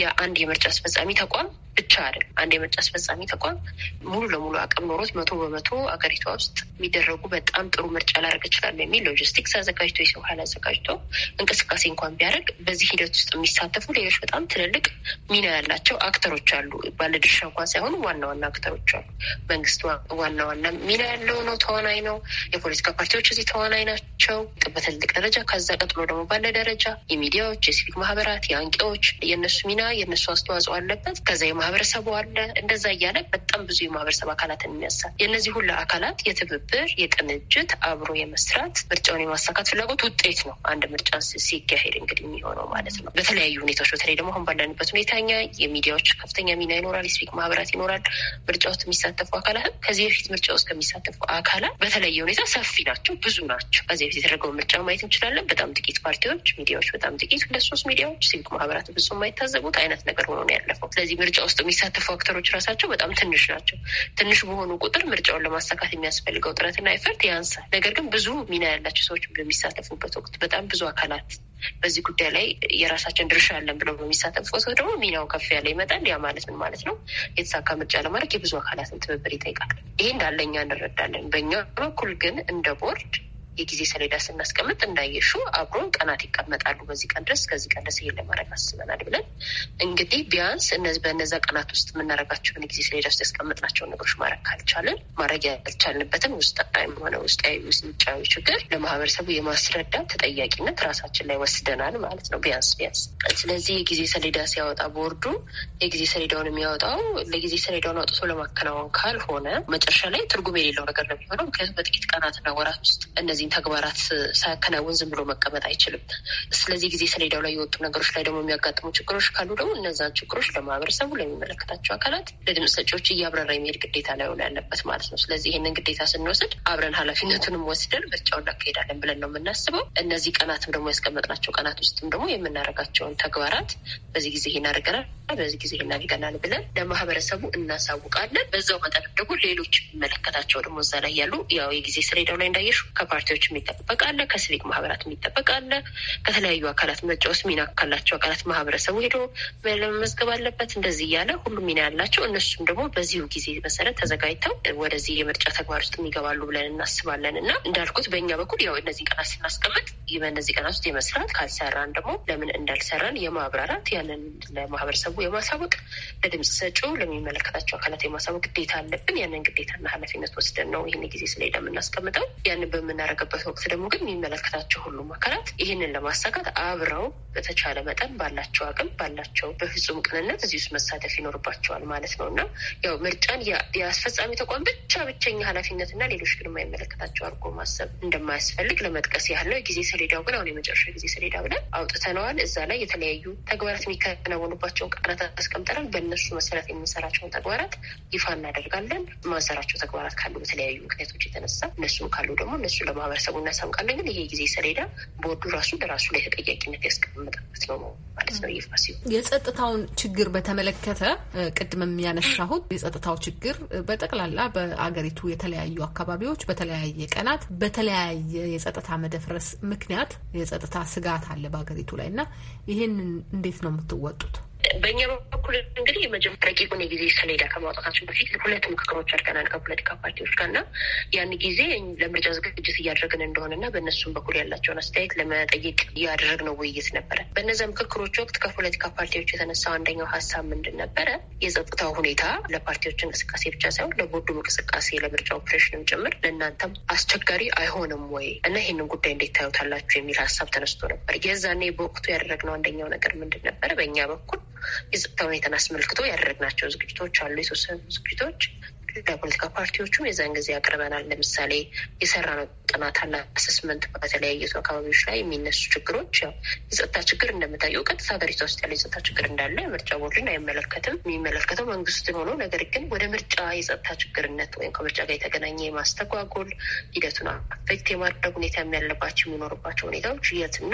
የአንድ የምርጫ አስፈጻሚ ተቋም ብቻ አይደለም። አንድ የምርጫ አስፈጻሚ ተቋም ሙሉ ለሙሉ አቅም ኖሮት መቶ በመቶ አገሪቷ ውስጥ የሚደረጉ በጣም ጥሩ ምርጫ ላደርግ እችላለሁ የሚል ሎጂስቲክስ አዘጋጅቶ የሰው ኃይል አዘጋጅቶ እንቅስቃሴ እንኳን ቢያደርግ በዚህ ሂደት ውስጥ የሚሳተፉ ሌሎች በጣም ትልልቅ ሚና ያላቸው አክተሮች አሉ። ባለድርሻ እንኳን ሳይሆኑ ዋና ዋና አክተሮች አሉ። መንግስት ዋና ዋና ሚና ያለው ነው፣ ተዋናይ ነው። የፖለቲካ ፓርቲዎች እዚህ ተዋናይ ናቸው በትልቅ ደረጃ። ከዛ ቀጥሎ ደግሞ ባለ ደረጃ የሚዲያዎች፣ የሲቪክ ማህበራት፣ የአንቂዎች የእነሱ ሚና የእነሱ አስተዋጽኦ አለበት። ከዛ የማህበረሰቡ አለ። እንደዛ እያለ በጣም ብዙ የማህበረሰብ አካላትን የሚያሳል የእነዚህ ሁሉ አካላት የትብብር የቅንጅት አብሮ የመስራት ምርጫውን የማሳካት ፍላጎት ውጤት ነው። አንድ ምርጫ ሲካሄድ እንግዲህ የሚሆነው ማለት ነው በተለያዩ ሁኔታዎች በተለይ ደግሞ አሁን ባለንበት ሁኔታ እኛ የሚዲያዎች ከፍተኛ ሚና ይኖራል፣ የሲቪክ ማህበራት ይኖራል። ምርጫ ውስጥ የሚሳተፉ አካላት ከዚህ በፊት ምርጫ ውስጥ ከሚሳተፉ አካላት በተለየ ሁኔታ ጠረጴዛ ሰፊ ናቸው፣ ብዙ ናቸው። ከዚህ በፊት የተደረገው ምርጫ ማየት እንችላለን። በጣም ጥቂት ፓርቲዎች፣ ሚዲያዎች በጣም ጥቂት፣ ሁለት ሶስት ሚዲያዎች፣ ሲቪክ ማህበራት ብዙ የማይታዘቡት አይነት ነገር ሆኖ ነው ያለፈው። ስለዚህ ምርጫ ውስጥ የሚሳተፉ አክተሮች ራሳቸው በጣም ትንሽ ናቸው። ትንሽ በሆኑ ቁጥር ምርጫውን ለማሳካት የሚያስፈልገው ጥረትና ኤፈርት ያንሳል። ነገር ግን ብዙ ሚና ያላቸው ሰዎች በሚሳተፉበት ወቅት በጣም ብዙ አካላት በዚህ ጉዳይ ላይ የራሳችን ድርሻ ያለን ብለው በሚሳተፉ ሰው ደግሞ ሚናው ከፍ ያለ ይመጣል። ያ ማለት ምን ማለት ነው? የተሳካ ምርጫ ለማድረግ የብዙ አካላትን ትብብር ይጠይቃል። ይሄ እንዳለ እኛ እንረዳለን። በእኛ በኩል ግን እንደ ቦርድ የጊዜ ሰሌዳ ስናስቀምጥ እንዳየሹ አብሮን ቀናት ይቀመጣሉ። በዚህ ቀን ድረስ ከዚህ ቀን ድረስ ይሄን ለማድረግ አስበናል ብለን እንግዲህ ቢያንስ በእነዛ ቀናት ውስጥ የምናደርጋቸውን የጊዜ ሰሌዳ ውስጥ ያስቀመጥናቸውን ነገሮች ማድረግ ካልቻለን ማድረግ ያልቻልንበትን ውስጣዊ ሆነ ውስጣዊ ውጫዊ ችግር ለማህበረሰቡ የማስረዳት ተጠያቂነት ራሳችን ላይ ወስደናል ማለት ነው። ቢያንስ ቢያንስ ስለዚህ የጊዜ ሰሌዳ ሲያወጣ ቦርዱ የጊዜ ሰሌዳውን የሚያወጣው ለጊዜ ሰሌዳውን አውጥቶ ለማከናወን ካልሆነ መጨረሻ ላይ ትርጉም የሌለው ነገር ነው የሚሆነው። ምክንያቱም በጥቂት ቀናትና ወራት ውስጥ እነዚህ እነዚህን ተግባራት ሳያከናውን ዝም ብሎ መቀመጥ አይችልም። ስለዚህ ጊዜ ሰሌዳው ላይ የወጡ ነገሮች ላይ ደግሞ የሚያጋጥሙ ችግሮች ካሉ ደግሞ እነዛን ችግሮች ለማህበረሰቡ፣ ለሚመለከታቸው አካላት፣ ለድምፅ ሰጪዎች እያብራራ የሚሄድ ግዴታ ላይ ያለበት ማለት ነው። ስለዚህ ይህንን ግዴታ ስንወስድ አብረን ኃላፊነቱንም ወስደን ምርጫውን እናካሄዳለን ብለን ነው የምናስበው። እነዚህ ቀናትም ደግሞ ያስቀመጥናቸው ቀናት ውስጥም ደግሞ የምናደርጋቸውን ተግባራት በዚህ ጊዜ ይሄን አድርገናል፣ በዚህ ጊዜ ይሄን አድርገናል ብለን ለማህበረሰቡ እናሳውቃለን። በዛው መጠንም ደግሞ ሌሎች የሚመለከታቸው ደግሞ እዛ ላይ ያሉ ያው የጊዜ ሰሌዳው ላይ እንዳየሽ ከፓርቲዎች ከፓርቲዎች የሚጠበቅ አለ፣ ከሲቪክ ማህበራት የሚጠበቅ አለ፣ ከተለያዩ አካላት ምርጫ ሚና ካላቸው አካላት ማህበረሰቡ ሄዶ ለመመዝገብ አለበት። እንደዚህ እያለ ሁሉም ሚና ያላቸው እነሱም ደግሞ በዚሁ ጊዜ መሰረት ተዘጋጅተው ወደዚህ የምርጫ ተግባር ውስጥ የሚገባሉ ብለን እናስባለን እና እንዳልኩት በእኛ በኩል ያው እነዚህ ቀናት ስናስቀምጥ በእነዚህ ቀናት ውስጥ የመስራት ካልሰራን ደግሞ ለምን እንዳልሰራን የማብራራት ያንን ለማህበረሰቡ የማሳወቅ ለድምፅ ሰጪው ለሚመለከታቸው አካላት የማሳወቅ ግዴታ አለብን። ያንን ግዴታና ኃላፊነት ወስደን ነው ይህን ጊዜ ስለሄደ የምናስቀምጠው ያንን በምናደረገ በምንጠብቅበት ወቅት ደግሞ ግን የሚመለከታቸው ሁሉም አካላት ይህንን ለማሳካት አብረው በተቻለ መጠን ባላቸው አቅም ባላቸው በፍጹም ቅንነት እዚህ ውስጥ መሳተፍ ይኖርባቸዋል ማለት ነው እና ያው ምርጫን የአስፈጻሚ ተቋም ብቻ ብቸኛ ኃላፊነት እና ሌሎች ግን የማይመለከታቸው አድርጎ ማሰብ እንደማያስፈልግ ለመጥቀስ ያህል ነው። የጊዜ ሰሌዳው ግን አሁን የመጨረሻ ጊዜ ሰሌዳ ብለን አውጥተነዋል። እዛ ላይ የተለያዩ ተግባራት የሚከናወኑባቸውን ቃላት አስቀምጠናል። በእነሱ መሰረት የምንሰራቸውን ተግባራት ይፋ እናደርጋለን። ማንሰራቸው ተግባራት ካሉ በተለያዩ ምክንያቶች የተነሳ እነሱም ካሉ ደግሞ እነሱ ለማህበ ማህበረሰቡ እናሳውቃለን። ግን ይሄ ጊዜ ሰሌዳ ቦርዱ ራሱ ለራሱ ላይ ተጠያቂነት ያስቀምጠበት ነው ማለት ነው። ይፋ ሲሆን የጸጥታውን ችግር በተመለከተ ቅድም የሚያነሳሁት የጸጥታው ችግር በጠቅላላ በአገሪቱ የተለያዩ አካባቢዎች በተለያየ ቀናት በተለያየ የጸጥታ መደፍረስ ምክንያት የጸጥታ ስጋት አለ በአገሪቱ ላይ እና ይህንን እንዴት ነው የምትወጡት? በእኛ በኩል እንግዲህ የመጀመሪያ ረቂቁን የጊዜ ሰሌዳ ከማውጣታችን በፊት ሁለት ምክክሮች አድርገናል ከፖለቲካ ፓርቲዎች ጋር እና ያን ጊዜ ለምርጫ ዝግጅት እያደረግን እንደሆነና በእነሱም በኩል ያላቸውን አስተያየት ለመጠየቅ እያደረግነው ውይይት ነበረ። በእነዚ ምክክሮች ወቅት ከፖለቲካ ፓርቲዎች የተነሳው አንደኛው ሀሳብ ምንድን ነበረ? የጸጥታው ሁኔታ ለፓርቲዎች እንቅስቃሴ ብቻ ሳይሆን ለቦርዱ እንቅስቃሴ፣ ለምርጫ ኦፕሬሽንም ጭምር ለእናንተም አስቸጋሪ አይሆንም ወይ እና ይህንን ጉዳይ እንዴት ታዩታላችሁ የሚል ሀሳብ ተነስቶ ነበር። የዛኔ በወቅቱ ያደረግነው አንደኛው ነገር ምንድን ነበረ በእኛ በኩል የጸጥታ ሁኔታን አስመልክቶ ያደረግናቸው ዝግጅቶች አሉ። የተወሰኑ ዝግጅቶች ለፖለቲካ ፓርቲዎቹም የዛን ጊዜ ያቅርበናል። ለምሳሌ ነው ጥናት አለ። አሰስመንት በተለያየቱ አካባቢዎች ላይ የሚነሱ ችግሮች ያው የጸጥታ ችግር እንደምታየው ቀጥታ ሀገሪቷ ውስጥ ያለ የጸጥታ ችግር እንዳለ ምርጫ ቦርድን አይመለከትም። የሚመለከተው መንግስትን ሆኖ ነገር ግን ወደ ምርጫ የጸጥታ ችግርነት ወይም ከምርጫ ጋር የተገናኘ የማስተጓጎል ሂደቱን አፌክት የማድረግ ሁኔታ የሚያለባቸው የሚኖርባቸው ሁኔታዎች የትና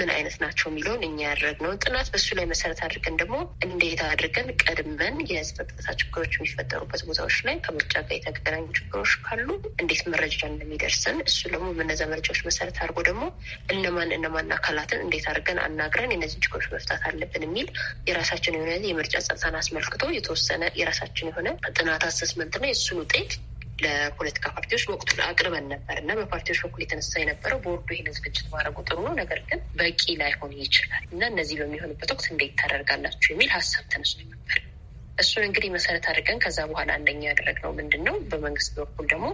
ምን አይነት ናቸው የሚለውን እኛ ያደረግነውን ጥናት በሱ ላይ መሰረት አድርገን ደግሞ እንዴት አድርገን ቀድመን የጸጥታ ችግሮች የሚፈጠሩበት ቦታዎች ላይ ከምርጫ ጋር የተገናኙ ችግሮች ካሉ እንዴት መረጃ እንደሚደርስን እሱ ደግሞ በነዚያ መረጃዎች መሰረት አድርጎ ደግሞ እነማን እነማን አካላትን እንዴት አድርገን አናግረን የነዚህ ችግሮች መፍታት አለብን የሚል የራሳችን የሆነ የምርጫ ጸጥታን አስመልክቶ የተወሰነ የራሳችን የሆነ ጥናት አሰስመንትና የእሱን ውጤት ለፖለቲካ ፓርቲዎች በወቅቱ አቅርበን ነበር እና በፓርቲዎች በኩል የተነሳ የነበረው ቦርዱ ይህን ዝግጅት ማድረጉ ጥሩ ነው፣ ነገር ግን በቂ ላይሆን ይችላል እና እነዚህ በሚሆንበት ወቅት እንዴት ታደርጋላችሁ የሚል ሀሳብ ተነስቶ ነበር። እሱን እንግዲህ መሰረት አድርገን ከዛ በኋላ አንደኛ ያደረግነው ምንድን ነው፣ በመንግስት በኩል ደግሞ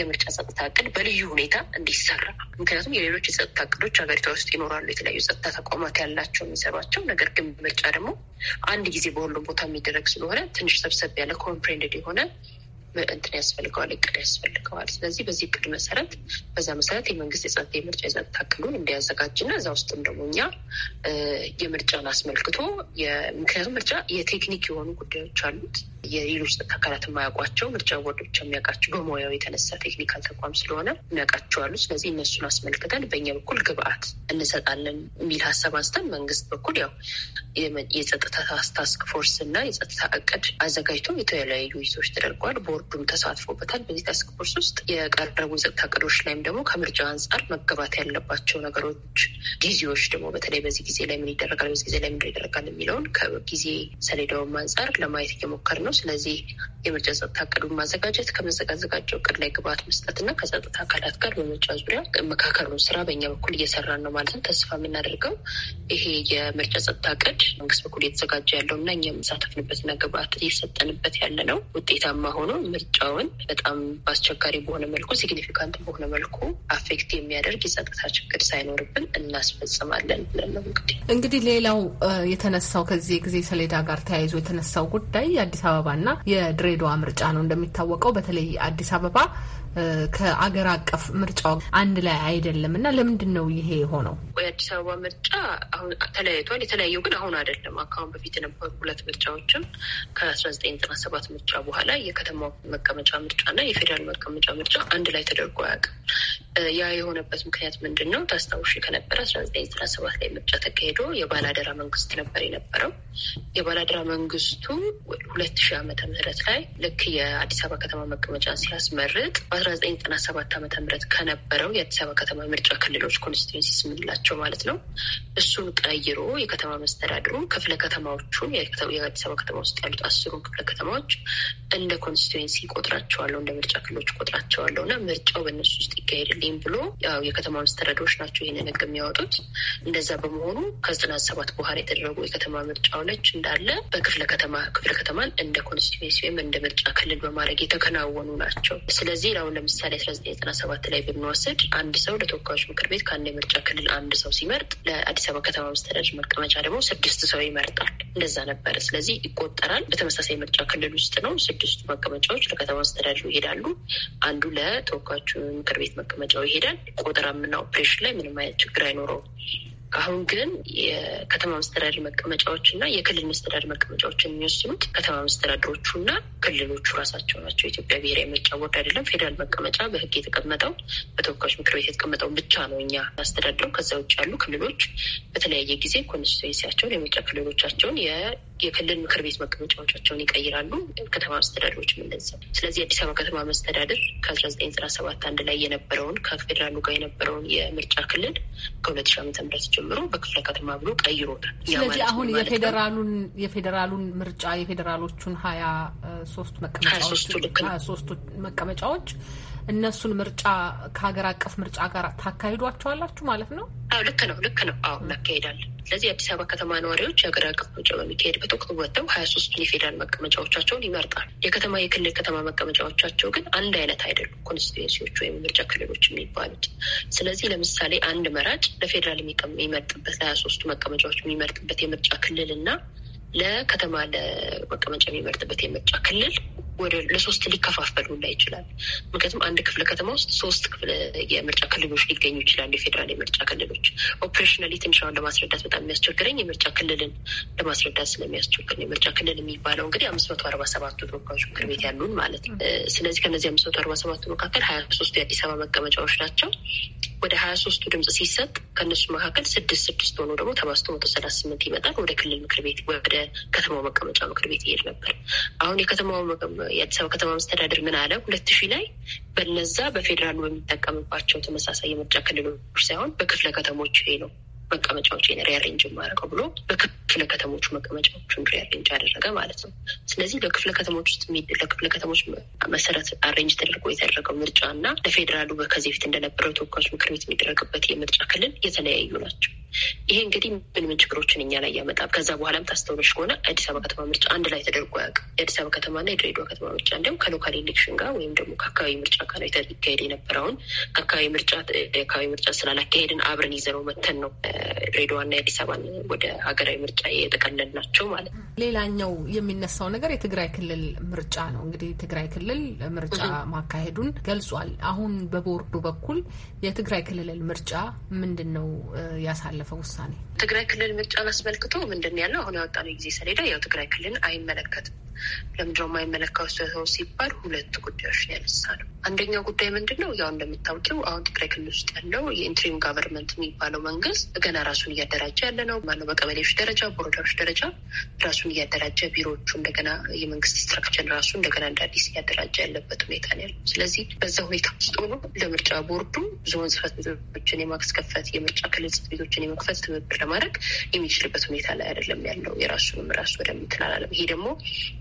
የምርጫ ጸጥታ እቅድ በልዩ ሁኔታ እንዲሰራ። ምክንያቱም የሌሎች የጸጥታ እቅዶች ሀገሪቷ ውስጥ ይኖራሉ፣ የተለያዩ ጸጥታ ተቋማት ያላቸው የሚሰሯቸው። ነገር ግን ምርጫ ደግሞ አንድ ጊዜ በሁሉም ቦታ የሚደረግ ስለሆነ ትንሽ ሰብሰብ ያለ ኮምፕሬንድድ የሆነ እንትን ያስፈልገዋል፣ እቅድ ያስፈልገዋል። ስለዚህ በዚህ እቅድ መሰረት በዛ መሰረት የመንግስት የጸጥታ የምርጫ የጸጥታ እቅዱን እንዲያዘጋጅና እዛ ውስጥም ደግሞ እኛ የምርጫን አስመልክቶ ምክንያቱም ምርጫ የቴክኒክ የሆኑ ጉዳዮች አሉት የሌሎች አካላት የማያውቋቸው ምርጫ ቦርድ ብቻ የሚያውቃቸው በሙያው የተነሳ ቴክኒካል ተቋም ስለሆነ የሚያውቃቸው አሉ። ስለዚህ እነሱን አስመልክተን በእኛ በኩል ግብአት እንሰጣለን የሚል ሀሳብ አንስተን መንግስት በኩል ያው የጸጥታ ታስክ ፎርስ እና የጸጥታ እቅድ አዘጋጅቶ የተለያዩ ይዞች ተደርገዋል። ቦርዱም ተሳትፎበታል። በዚህ ታስክ ፎርስ ውስጥ የቀረቡ ጸጥታ እቅዶች ላይም ደግሞ ከምርጫ አንጻር መገባት ያለባቸው ነገሮች ጊዜዎች ደግሞ በተለይ በዚህ ጊዜ ላይ ምን ይደረጋል፣ በዚህ ጊዜ ላይ ምን ይደረጋል የሚለውን ከጊዜ ሰሌዳውም አንጻር ለማየት እየሞከር ነው። ስለዚህ የምርጫ ጸጥታ እቅዱን ማዘጋጀት ከመዘጋዘጋቸው እቅድ ላይ ግብዓት መስጠት እና ከጸጥታ አካላት ጋር በምርጫ ዙሪያ መካከሉን ስራ በእኛ በኩል እየሰራን ነው ማለት ነው። ተስፋ የምናደርገው ይሄ የምርጫ ጸጥታ እቅድ መንግስት በኩል እየተዘጋጀ ያለው እና እኛ የምንሳተፍንበትና ግብዓት እየሰጠንበት ያለ ነው ውጤታማ ሆኖ ምርጫውን በጣም በአስቸጋሪ በሆነ መልኩ ሲግኒፊካንት በሆነ መልኩ አፌክት የሚያደርግ የጸጥታ ችግር ሳይኖርብን እናስፈጽማለን ብለን ነው እንግዲህ እንግዲህ ሌላው የተነሳው ከዚህ ጊዜ ሰሌዳ ጋር ተያይዞ የተነሳው ጉዳይ የአዲስ አበባ አበባና የድሬዳዋ ምርጫ ነው። እንደሚታወቀው በተለይ አዲስ አበባ ከአገር አቀፍ ምርጫው አንድ ላይ አይደለም እና ለምንድን ነው ይሄ የሆነው? የአዲስ አበባ ምርጫ አሁን ተለያይቷል። የተለያየው ግን አሁን አይደለም። አካሁን በፊት የነበሩ ሁለት ምርጫዎችም ከአስራ ዘጠኝ ዘጠና ሰባት ምርጫ በኋላ የከተማ መቀመጫ ምርጫና የፌዴራል መቀመጫ ምርጫ አንድ ላይ ተደርጎ አያውቅም። ያ የሆነበት ምክንያት ምንድን ነው? ታስታውሽ ከነበረ አስራ ዘጠኝ ዘጠና ሰባት ላይ ምርጫ ተካሂዶ የባላደራ መንግስት ነበር የነበረው። የባላደራ መንግስቱ ሁለት ሺህ ዓመተ ምህረት ላይ ልክ የአዲስ አበባ ከተማ መቀመጫ ሲያስመርጥ በአስራ ዘጠኝ ዘጠና ሰባት ዓመተ ምህረት ከነበረው የአዲስ አበባ ከተማ ምርጫ ክልሎች ኮንስቲቱንሲስ የምንላቸው ማለት ነው እሱን ቀይሮ የከተማ መስተዳድሩ ክፍለ ከተማዎቹን የአዲስ አበባ ከተማ ውስጥ ያሉት አስሩን ክፍለ ከተማዎች እንደ ኮንስቲቱንሲ ቆጥራቸዋለሁ፣ እንደ ምርጫ ክልሎች ቆጥራቸዋለሁ እና ምርጫው በእነሱ ውስጥ ይካሄድል አለብኝ ብሎ ያው የከተማ መስተዳድሮች ናቸው ይህንን ህግ የሚያወጡት። እንደዛ በመሆኑ ከዘጠና ሰባት በኋላ የተደረጉ የከተማ ምርጫዎች እንዳለ በክፍለ ከተማ ክፍለ ከተማን እንደ ኮንስቲቱንሲ ወይም እንደ ምርጫ ክልል በማድረግ የተከናወኑ ናቸው። ስለዚህ አሁን ለምሳሌ አስራ ዘጠኝ ዘጠና ሰባት ላይ ብንወስድ አንድ ሰው ለተወካዮች ምክር ቤት ከአንድ የምርጫ ክልል አንድ ሰው ሲመርጥ ለአዲስ አበባ ከተማ መስተዳድር መቀመጫ ደግሞ ስድስት ሰው ይመርጣል። እንደዛ ነበረ። ስለዚህ ይቆጠራል። በተመሳሳይ ምርጫ ክልል ውስጥ ነው። ስድስቱ መቀመጫዎች ለከተማ መስተዳድሩ ይሄዳሉ። አንዱ ለተወካዮቹ ምክር ቤት መቀመጫ ምርጫው ይሄዳል። ቆጠራ ምና ኦፕሬሽን ላይ ምንም አይነት ችግር አይኖረውም። አሁን ግን የከተማ መስተዳደር መቀመጫዎች እና የክልል መስተዳደር መቀመጫዎች የሚወስኑት ከተማ መስተዳደሮቹ እና ክልሎቹ ራሳቸው ናቸው። የኢትዮጵያ ብሔራዊ ምርጫ ቦርድ አይደለም። ፌዴራል መቀመጫ በሕግ የተቀመጠው በተወካዮች ምክር ቤት የተቀመጠውን ብቻ ነው እኛ ያስተዳድረው። ከዛ ውጭ ያሉ ክልሎች በተለያየ ጊዜ ኮንስቲቱዌንሲያቸውን የምርጫ ክልሎቻቸውን የክልል ምክር ቤት መቀመጫዎቻቸውን ይቀይራሉ። ከተማ መስተዳደሮች ምንለዘ ስለዚህ የአዲስ አበባ ከተማ መስተዳደር ከአስራ ዘጠኝ ዘጠና ሰባት አንድ ላይ የነበረውን ከፌዴራሉ ጋር የነበረውን የምርጫ ክልል ከሁለት ሺ ዓመተ ምህረት ጀምሮ በክፍለ ከተማ ብሎ ቀይሮታል። ስለዚህ አሁን የፌዴራሉን የፌዴራሉን ምርጫ የፌዴራሎቹን ሀያ ሶስት መቀመጫዎች ሀያ ሶስቱ መቀመጫዎች እነሱን ምርጫ ከሀገር አቀፍ ምርጫ ጋር ታካሂዷቸዋላችሁ ማለት ነው? አዎ ልክ ነው፣ ልክ ነው። አዎ እናካሄዳለን። ስለዚህ የአዲስ አበባ ከተማ ነዋሪዎች የሀገር አቀፍ ምርጫ በሚካሄድበት ወቅት ወጥተው ሀያ ሶስቱን የፌዴራል መቀመጫዎቻቸውን ይመርጣል። የከተማ የክልል ከተማ መቀመጫዎቻቸው ግን አንድ አይነት አይደሉም፣ ኮንስቲቱንሲዎች ወይም ምርጫ ክልሎች የሚባሉት። ስለዚህ ለምሳሌ አንድ መራጭ ለፌዴራል የሚመርጥበት ለሀያ ሶስቱ መቀመጫዎች የሚመርጥበት የምርጫ ክልል እና ለከተማ ለመቀመጫ የሚመርጥበት የምርጫ ክልል ወደ ለሶስት ሊከፋፈል ሁላ ይችላል። ምክንያቱም አንድ ክፍለ ከተማ ውስጥ ሶስት ክፍለ የምርጫ ክልሎች ሊገኙ ይችላሉ። የፌዴራል የምርጫ ክልሎች ኦፕሬሽናሊ ትንሻውን ለማስረዳት በጣም የሚያስቸግረኝ የምርጫ ክልልን ለማስረዳት ስለሚያስቸግር የምርጫ ክልል የሚባለው እንግዲህ አምስት መቶ አርባ ሰባቱ ተወካዮች ምክር ቤት ያሉን ማለት ነው። ስለዚህ ከነዚህ አምስት መቶ አርባ ሰባቱ መካከል ሀያ ሶስቱ የአዲስ አበባ መቀመጫዎች ናቸው። ወደ ሀያ ሶስቱ ድምጽ ሲሰጥ ከእነሱ መካከል ስድስት ስድስት ሆኖ ደግሞ ተባስቶ መቶ ሰላሳ ስምንት ይመጣል ወደ ክልል ምክር ቤት ወደ ከተማው መቀመጫ ምክር ቤት ይሄድ ነበር። አሁን የከተማው የአዲስ አበባ ከተማ መስተዳደር ምን አለ? ሁለት ሺህ ላይ በነዛ በፌዴራሉ በሚጠቀምባቸው ተመሳሳይ የምርጫ ክልሎች ሳይሆን በክፍለ ከተሞች ይሄ ነው መቀመጫዎችን ሪያሬንጅ የማደርገው ብሎ በክፍለ ከተሞቹ መቀመጫዎቹን ሪያሬንጅ አደረገ ማለት ነው። ስለዚህ በክፍለ ከተሞች ለክፍለ ከተሞች መሰረት አሬንጅ ተደርጎ የተደረገው ምርጫ እና ለፌዴራሉ ከዚህ በፊት እንደነበረው ተወካዮች ምክር ቤት የሚደረግበት የምርጫ ክልል የተለያዩ ናቸው። ይሄ እንግዲህ ምን ምን ችግሮችን እኛ ላይ ያመጣ። ከዛ በኋላም ታስተውሎች ከሆነ አዲስ አበባ ከተማ ምርጫ አንድ ላይ ተደርጎ አያውቅም። የአዲስ አበባ ከተማና የድሬዳዋ ከተማ ምርጫ እንዲሁም ከሎካል ኢሌክሽን ጋር ወይም ደግሞ ከአካባቢ ምርጫ ጋር የተካሄደ የነበረውን ከአካባቢ ምርጫ አካባቢ ምርጫ ስላላካሄድን አብረን ይዘነው መተን ነው ድሬዳዋና የአዲስ አበባን ወደ ሀገራዊ ምርጫ የጠቀለል ናቸው ማለት ነው። ሌላኛው የሚነሳው ነገር የትግራይ ክልል ምርጫ ነው። እንግዲህ የትግራይ ክልል ምርጫ ማካሄዱን ገልጿል። አሁን በቦርዱ በኩል የትግራይ ክልል ምርጫ ምንድን ነው ያሳለፈው ውሳኔ? ትግራይ ክልል ምርጫን አስመልክቶ ምንድን ያለው አሁን ያወጣነው ጊዜ ሰሌዳ ያው ትግራይ ክልልን አይመለከትም ለምንድነው የማይመለከቱ ሰው ሲባል ሁለት ጉዳዮች ነው ያነሳ ነው። አንደኛው ጉዳይ ምንድን ነው? ያው እንደምታውቂው አሁን ትግራይ ክልል ውስጥ ያለው የኢንትሪም ጋቨርንመንት የሚባለው መንግስት ገና ራሱን እያደራጀ ያለ ነው። ማነው በቀበሌዎች ደረጃ በወረዳዎች ደረጃ ራሱን እያደራጀ ቢሮዎቹ እንደገና የመንግስት ስትራክቸር ራሱ እንደገና እንደ አዲስ እያደራጀ ያለበት ሁኔታ ነው ያለው። ስለዚህ በዛ ሁኔታ ውስጥ ሆኖ ለምርጫ ቦርዱ ዞን ጽህፈት ቤቶችን የማስከፈት የምርጫ ክልል ጽህፈት ቤቶችን የመክፈት ትብብር ለማድረግ የሚችልበት ሁኔታ ላይ አይደለም ያለው። የራሱንም ራሱ ወደምትላላለም ይሄ ደግሞ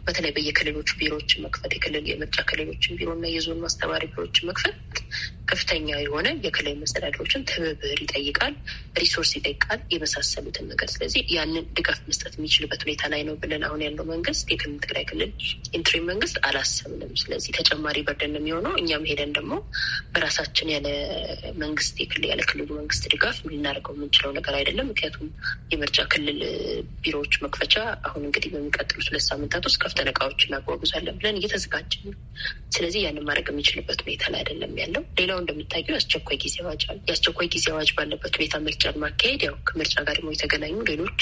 በተለይ በየክልሎቹ ቢሮዎችን መክፈት የክልል የምርጫ ክልሎችን ቢሮ እና የዞን ማስተማሪ ቢሮዎችን መክፈት ከፍተኛ የሆነ የክልል መስተዳድሮችን ትብብር ይጠይቃል፣ ሪሶርስ ይጠይቃል፣ የመሳሰሉትን ነገር። ስለዚህ ያንን ድጋፍ መስጠት የሚችልበት ሁኔታ ላይ ነው ብለን አሁን ያለው መንግስት የክልል ትግራይ ክልል ኢንትሪም መንግስት አላሰብንም። ስለዚህ ተጨማሪ በርደን የሚሆነው እኛም ሄደን ደግሞ በራሳችን ያለ መንግስት የክልል ያለ ክልሉ መንግስት ድጋፍ ልናደርገው የምንችለው ነገር አይደለም። ምክንያቱም የምርጫ ክልል ቢሮዎች መክፈቻ አሁን እንግዲህ በሚቀጥሉት ሁለት ሳምንታት ውስጥ የተወሰነ እቃዎች እናጓጉዛለን ብለን እየተዘጋጀን ነው። ስለዚህ ያንን ማድረግ የሚችልበት ሁኔታ ላይ አይደለም ያለው። ሌላው እንደምታየው የአስቸኳይ ጊዜ አዋጅ አለ። የአስቸኳይ ጊዜ አዋጅ ባለበት ሁኔታ ምርጫን ማካሄድ ያው ከምርጫ ጋር ደግሞ የተገናኙ ሌሎች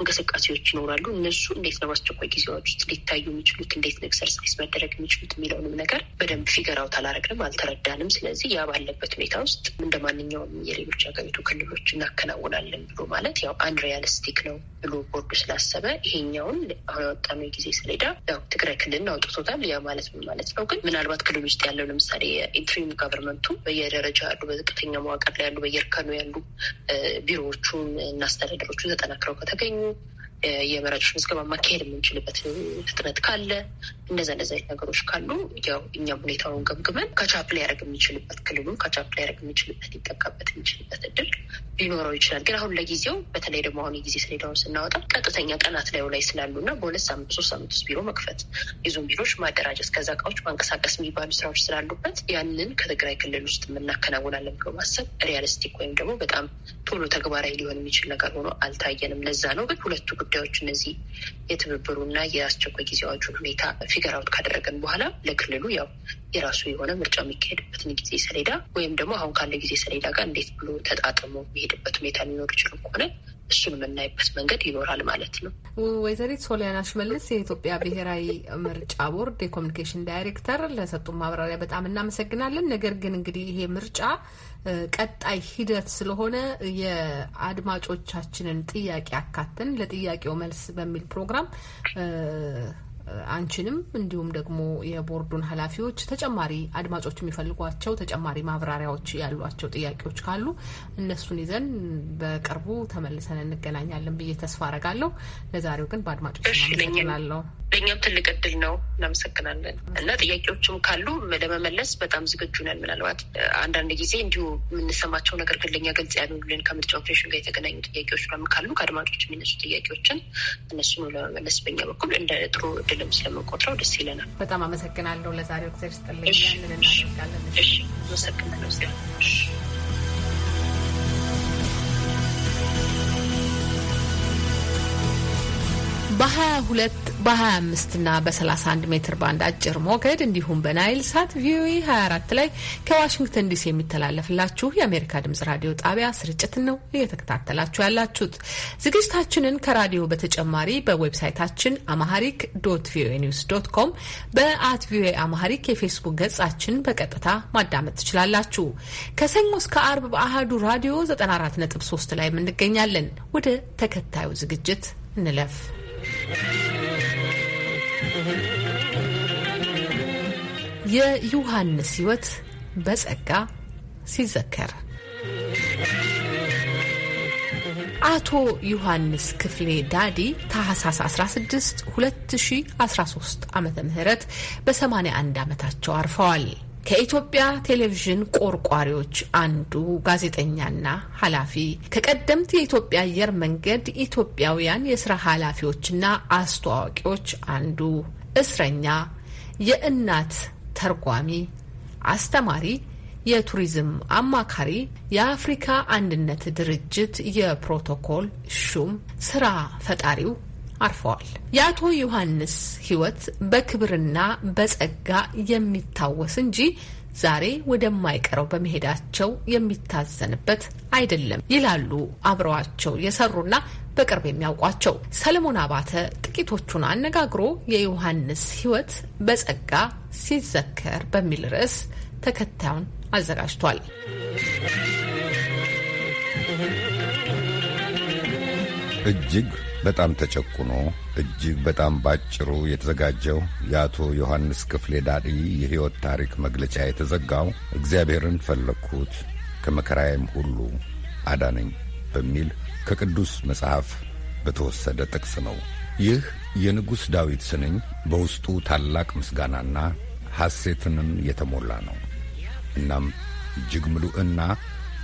እንቅስቃሴዎች ይኖራሉ። እነሱ እንዴት ነው አስቸኳይ ጊዜ አዋጅ ውስጥ ሊታዩ የሚችሉት እንዴት ነው ኤክሰርሳይዝ መደረግ የሚችሉት የሚለውንም ነገር በደንብ ፊገራው አላረግንም፣ አልተረዳንም። ስለዚህ ያ ባለበት ሁኔታ ውስጥ እንደ ማንኛውም የሌሎች ሀገሪቱ ክልሎች እናከናውናለን ብሎ ማለት ያው አንሪያሊስቲክ ነው ብሎ ቦርዱ ስላሰበ ይሄኛውን አሁን ያወጣነው የጊዜ ሰሌዳ ያው ትግራይ ክልልን አውጥቶታል። ያ ማለት ምን ማለት ነው? ግን ምናልባት ክልል ውስጥ ያለው ለምሳሌ የኢንትሪም ገቨርንመንቱ በየደረጃ ያሉ በዝቅተኛ መዋቅር ላይ ያሉ በየእርከኑ ያሉ ቢሮዎቹን እና አስተዳደሮቹ ተጠናክረው ከተገኙ የመራጮች ምዝገባ ማካሄድ የምንችልበት ፍጥነት ካለ እነዛ እነዚ ነገሮች ካሉ ያው እኛም ሁኔታውን ገምግመን ከቻፕ ሊያደርግ የሚችልበት ክልሉ ከቻፕ ሊያደርግ የሚችልበት ሊጠቀምበት የሚችልበት እድል ሊኖረው ይችላል። ግን አሁን ለጊዜው በተለይ ደግሞ አሁን የጊዜ ሰሌዳውን ስናወጣ ቀጥተኛ ቀናት ላዩ ላይ ስላሉ እና በሁለት ሳምንት ሶስት ሳምንት ውስጥ ቢሮ መክፈት የዞን ቢሮዎች ማደራጀት ከዛ እቃዎች ማንቀሳቀስ የሚባሉ ስራዎች ስላሉበት ያንን ከትግራይ ክልል ውስጥ የምናከናውናለን ብሎ ማሰብ ሪያሊስቲክ ወይም ደግሞ በጣም ቶሎ ተግባራዊ ሊሆን የሚችል ነገር ሆኖ አልታየንም። ለዛ ነው ግን ሁለቱ ጉዳዮች እነዚህ የትብብሩና የአስቸኳይ ጊዜ ሁኔታ ፊገር አውት ካደረገን በኋላ ለክልሉ ያው የራሱ የሆነ ምርጫ የሚካሄድበትን ጊዜ ሰሌዳ ወይም ደግሞ አሁን ካለ ጊዜ ሰሌዳ ጋር እንዴት ብሎ ተጣጥሞ የሚሄድበት ሁኔታ ሊኖር ይችሉ ከሆነ እሱን የምናይበት መንገድ ይኖራል ማለት ነው። ወይዘሪት ሶሊያና ሽመልስ የኢትዮጵያ ብሔራዊ ምርጫ ቦርድ የኮሚኒኬሽን ዳይሬክተር ለሰጡ ማብራሪያ በጣም እናመሰግናለን። ነገር ግን እንግዲህ ይሄ ምርጫ ቀጣይ ሂደት ስለሆነ የአድማጮቻችንን ጥያቄ አካተን ለጥያቄው መልስ በሚል ፕሮግራም አንቺንም እንዲሁም ደግሞ የቦርዱን ኃላፊዎች ተጨማሪ አድማጮች የሚፈልጓቸው ተጨማሪ ማብራሪያዎች ያሏቸው ጥያቄዎች ካሉ እነሱን ይዘን በቅርቡ ተመልሰን እንገናኛለን ብዬ ተስፋ አረጋለሁ። ለዛሬው ግን በአድማጮች ማመሰግናለሁ። ለእኛም ትልቅ እድል ነው። እናመሰግናለን። እና ጥያቄዎችም ካሉ ለመመለስ በጣም ዝግጁ ነን። ምናልባት አንዳንድ ጊዜ እንዲሁ የምንሰማቸው ነገር ግን ለእኛ ግልጽ ያሉልን ከምርጫ ኦፕሬሽን ጋር የተገናኙ ጥያቄዎች ም ካሉ ከአድማጮች የሚነሱ ጥያቄዎችን እነሱን ለመመለስ በኛ በኩል እንደ ጥሩ እድልም ስለምንቆጥረው ደስ ይለናል። በጣም አመሰግናለሁ። ለዛሬው ጊዜ ስጥልኝ። እናደርጋለን። አመሰግናለሁ። በ22 በ25 እና በ31 ሜትር ባንድ አጭር ሞገድ እንዲሁም በናይል ሳት ቪኦኤ 24 ላይ ከዋሽንግተን ዲሲ የሚተላለፍላችሁ የአሜሪካ ድምጽ ራዲዮ ጣቢያ ስርጭትን ነው እየተከታተላችሁ ያላችሁት። ዝግጅታችንን ከራዲዮ በተጨማሪ በዌብሳይታችን አማሃሪክ ዶት ቪኦኤ ኒውስ ዶት ኮም በአት ቪኦኤ አማሃሪክ የፌስቡክ ገጻችን በቀጥታ ማዳመጥ ትችላላችሁ። ከሰኞ እስከ አርብ በአህዱ ራዲዮ 94.3 ላይ እንገኛለን። ወደ ተከታዩ ዝግጅት እንለፍ። የዮሐንስ ሕይወት በጸጋ ሲዘከር አቶ ዮሐንስ ክፍሌ ዳዲ ታህሳስ 16 2013 ዓ ም በ81 ዓመታቸው አርፈዋል። ከኢትዮጵያ ቴሌቪዥን ቆርቋሪዎች አንዱ ጋዜጠኛና ኃላፊ ከቀደምት የኢትዮጵያ አየር መንገድ ኢትዮጵያውያን የስራ ኃላፊዎችና አስተዋዋቂዎች አንዱ እስረኛ፣ የእናት ተርጓሚ፣ አስተማሪ፣ የቱሪዝም አማካሪ፣ የአፍሪካ አንድነት ድርጅት የፕሮቶኮል ሹም፣ ስራ ፈጣሪው አርፈዋል። የአቶ ዮሐንስ ሕይወት በክብርና በጸጋ የሚታወስ እንጂ ዛሬ ወደማይቀረው በመሄዳቸው የሚታዘንበት አይደለም ይላሉ አብረዋቸው የሰሩና በቅርብ የሚያውቋቸው ሰለሞን አባተ። ጥቂቶቹን አነጋግሮ የዮሐንስ ሕይወት በጸጋ ሲዘከር በሚል ርዕስ ተከታዩን አዘጋጅቷል። እጅግ በጣም ተጨቁኖ እጅግ በጣም ባጭሩ የተዘጋጀው የአቶ ዮሐንስ ክፍሌ ዳዲ የሕይወት ታሪክ መግለጫ የተዘጋው እግዚአብሔርን ፈለግሁት ከመከራዬም ሁሉ አዳነኝ በሚል ከቅዱስ መጽሐፍ በተወሰደ ጥቅስ ነው። ይህ የንጉሥ ዳዊት ስንኝ በውስጡ ታላቅ ምስጋናና ሐሴትንም የተሞላ ነው። እናም እጅግ ምሉዕና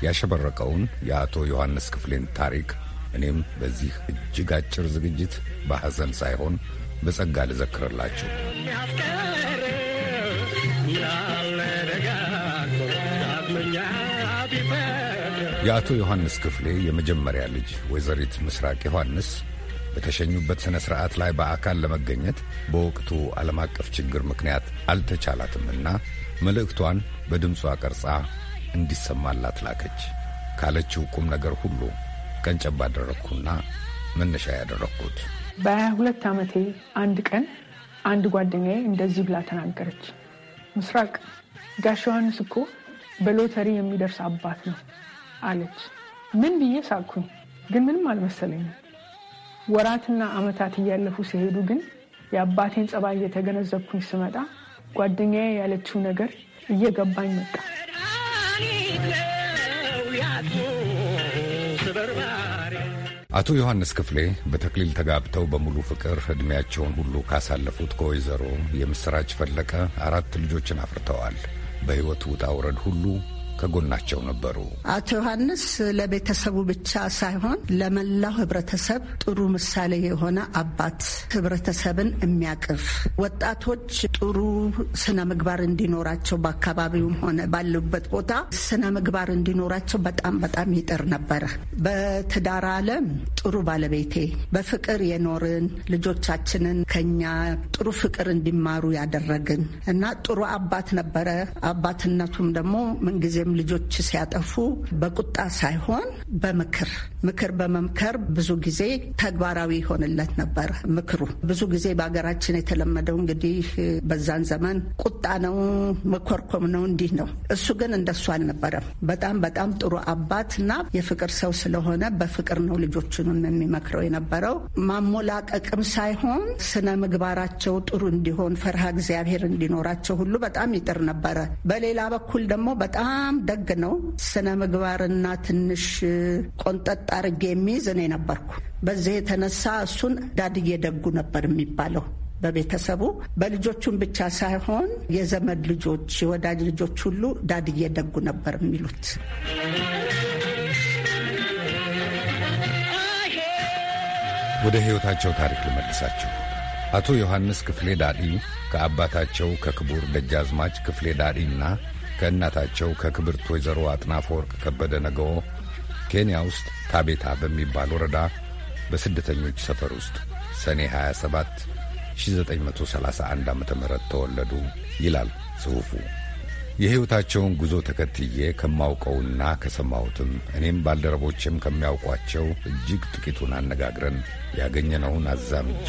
ያሸበረቀውን የአቶ ዮሐንስ ክፍሌን ታሪክ እኔም በዚህ እጅግ አጭር ዝግጅት በሐዘን ሳይሆን በጸጋ ልዘክርላችሁ። የአቶ ዮሐንስ ክፍሌ የመጀመሪያ ልጅ ወይዘሪት ምስራቅ ዮሐንስ በተሸኙበት ሥነ ሥርዓት ላይ በአካል ለመገኘት በወቅቱ ዓለም አቀፍ ችግር ምክንያት አልተቻላትምና መልእክቷን በድምጿ ቀርጻ እንዲሰማላት ላከች። ካለችው ቁም ነገር ሁሉ ቀንጨብ አደረግኩና መነሻ ያደረግኩት በሀያ ሁለት ዓመቴ አንድ ቀን አንድ ጓደኛዬ እንደዚህ ብላ ተናገረች። ምስራቅ ጋሽ ዮሐንስ እኮ በሎተሪ የሚደርስ አባት ነው አለች። ምን ብዬ ሳቅኩኝ፣ ግን ምንም አልመሰለኝም። ወራትና ዓመታት እያለፉ ሲሄዱ ግን የአባቴን ጸባይ እየተገነዘብኩኝ ስመጣ ጓደኛዬ ያለችው ነገር እየገባኝ መጣ። አቶ ዮሐንስ ክፍሌ በተክሊል ተጋብተው በሙሉ ፍቅር ዕድሜያቸውን ሁሉ ካሳለፉት ከወይዘሮ የምሥራች ፈለቀ አራት ልጆችን አፍርተዋል። በሕይወት ውጣ ውረድ ሁሉ ከጎናቸው ነበሩ። አቶ ዮሐንስ ለቤተሰቡ ብቻ ሳይሆን ለመላው ህብረተሰብ ጥሩ ምሳሌ የሆነ አባት፣ ህብረተሰብን የሚያቅፍ ወጣቶች ጥሩ ስነ ምግባር እንዲኖራቸው በአካባቢውም ሆነ ባሉበት ቦታ ስነ ምግባር እንዲኖራቸው በጣም በጣም ይጥር ነበረ። በትዳር አለም ጥሩ ባለቤቴ፣ በፍቅር የኖርን ልጆቻችንን ከኛ ጥሩ ፍቅር እንዲማሩ ያደረግን እና ጥሩ አባት ነበረ። አባትነቱም ደግሞ ምንጊዜ ወንድም ልጆች ሲያጠፉ በቁጣ ሳይሆን በምክር ምክር በመምከር ብዙ ጊዜ ተግባራዊ ይሆንለት ነበር። ምክሩ ብዙ ጊዜ በሀገራችን የተለመደው እንግዲህ በዛን ዘመን ቁጣ ነው፣ መኮርኮም ነው፣ እንዲህ ነው። እሱ ግን እንደሱ አልነበረም። በጣም በጣም ጥሩ አባትና የፍቅር ሰው ስለሆነ በፍቅር ነው ልጆቹንም የሚመክረው የነበረው። ማሞላቀቅም ሳይሆን ስነ ምግባራቸው ጥሩ እንዲሆን ፈርሃ እግዚአብሔር እንዲኖራቸው ሁሉ በጣም ይጥር ነበረ። በሌላ በኩል ደግሞ በጣም ደግ ነው። ስነ ምግባርና ትንሽ ቆንጠጥ አርጌ የሚይዝ እኔ ነበርኩ። በዚህ የተነሳ እሱን ዳድዬ ደጉ ነበር የሚባለው በቤተሰቡ በልጆቹን ብቻ ሳይሆን የዘመድ ልጆች፣ የወዳጅ ልጆች ሁሉ ዳድዬ ደጉ ነበር የሚሉት። ወደ ሕይወታቸው ታሪክ ልመልሳችሁ። አቶ ዮሐንስ ክፍሌ ዳዲኝ ከአባታቸው ከክቡር ደጃዝማች ክፍሌ ዳዲኝና ከእናታቸው ከክብርት ወይዘሮ አጥናፈ ወርቅ ከበደ ነገዎ ኬንያ ውስጥ ታቤታ በሚባል ወረዳ በስደተኞች ሰፈር ውስጥ ሰኔ 27 1931 ዓ ም ተወለዱ ይላል ጽሑፉ። የሕይወታቸውን ጉዞ ተከትዬ ከማውቀውና ከሰማሁትም እኔም ባልደረቦቼም ከሚያውቋቸው እጅግ ጥቂቱን አነጋግረን ያገኘነውን አዛምጄ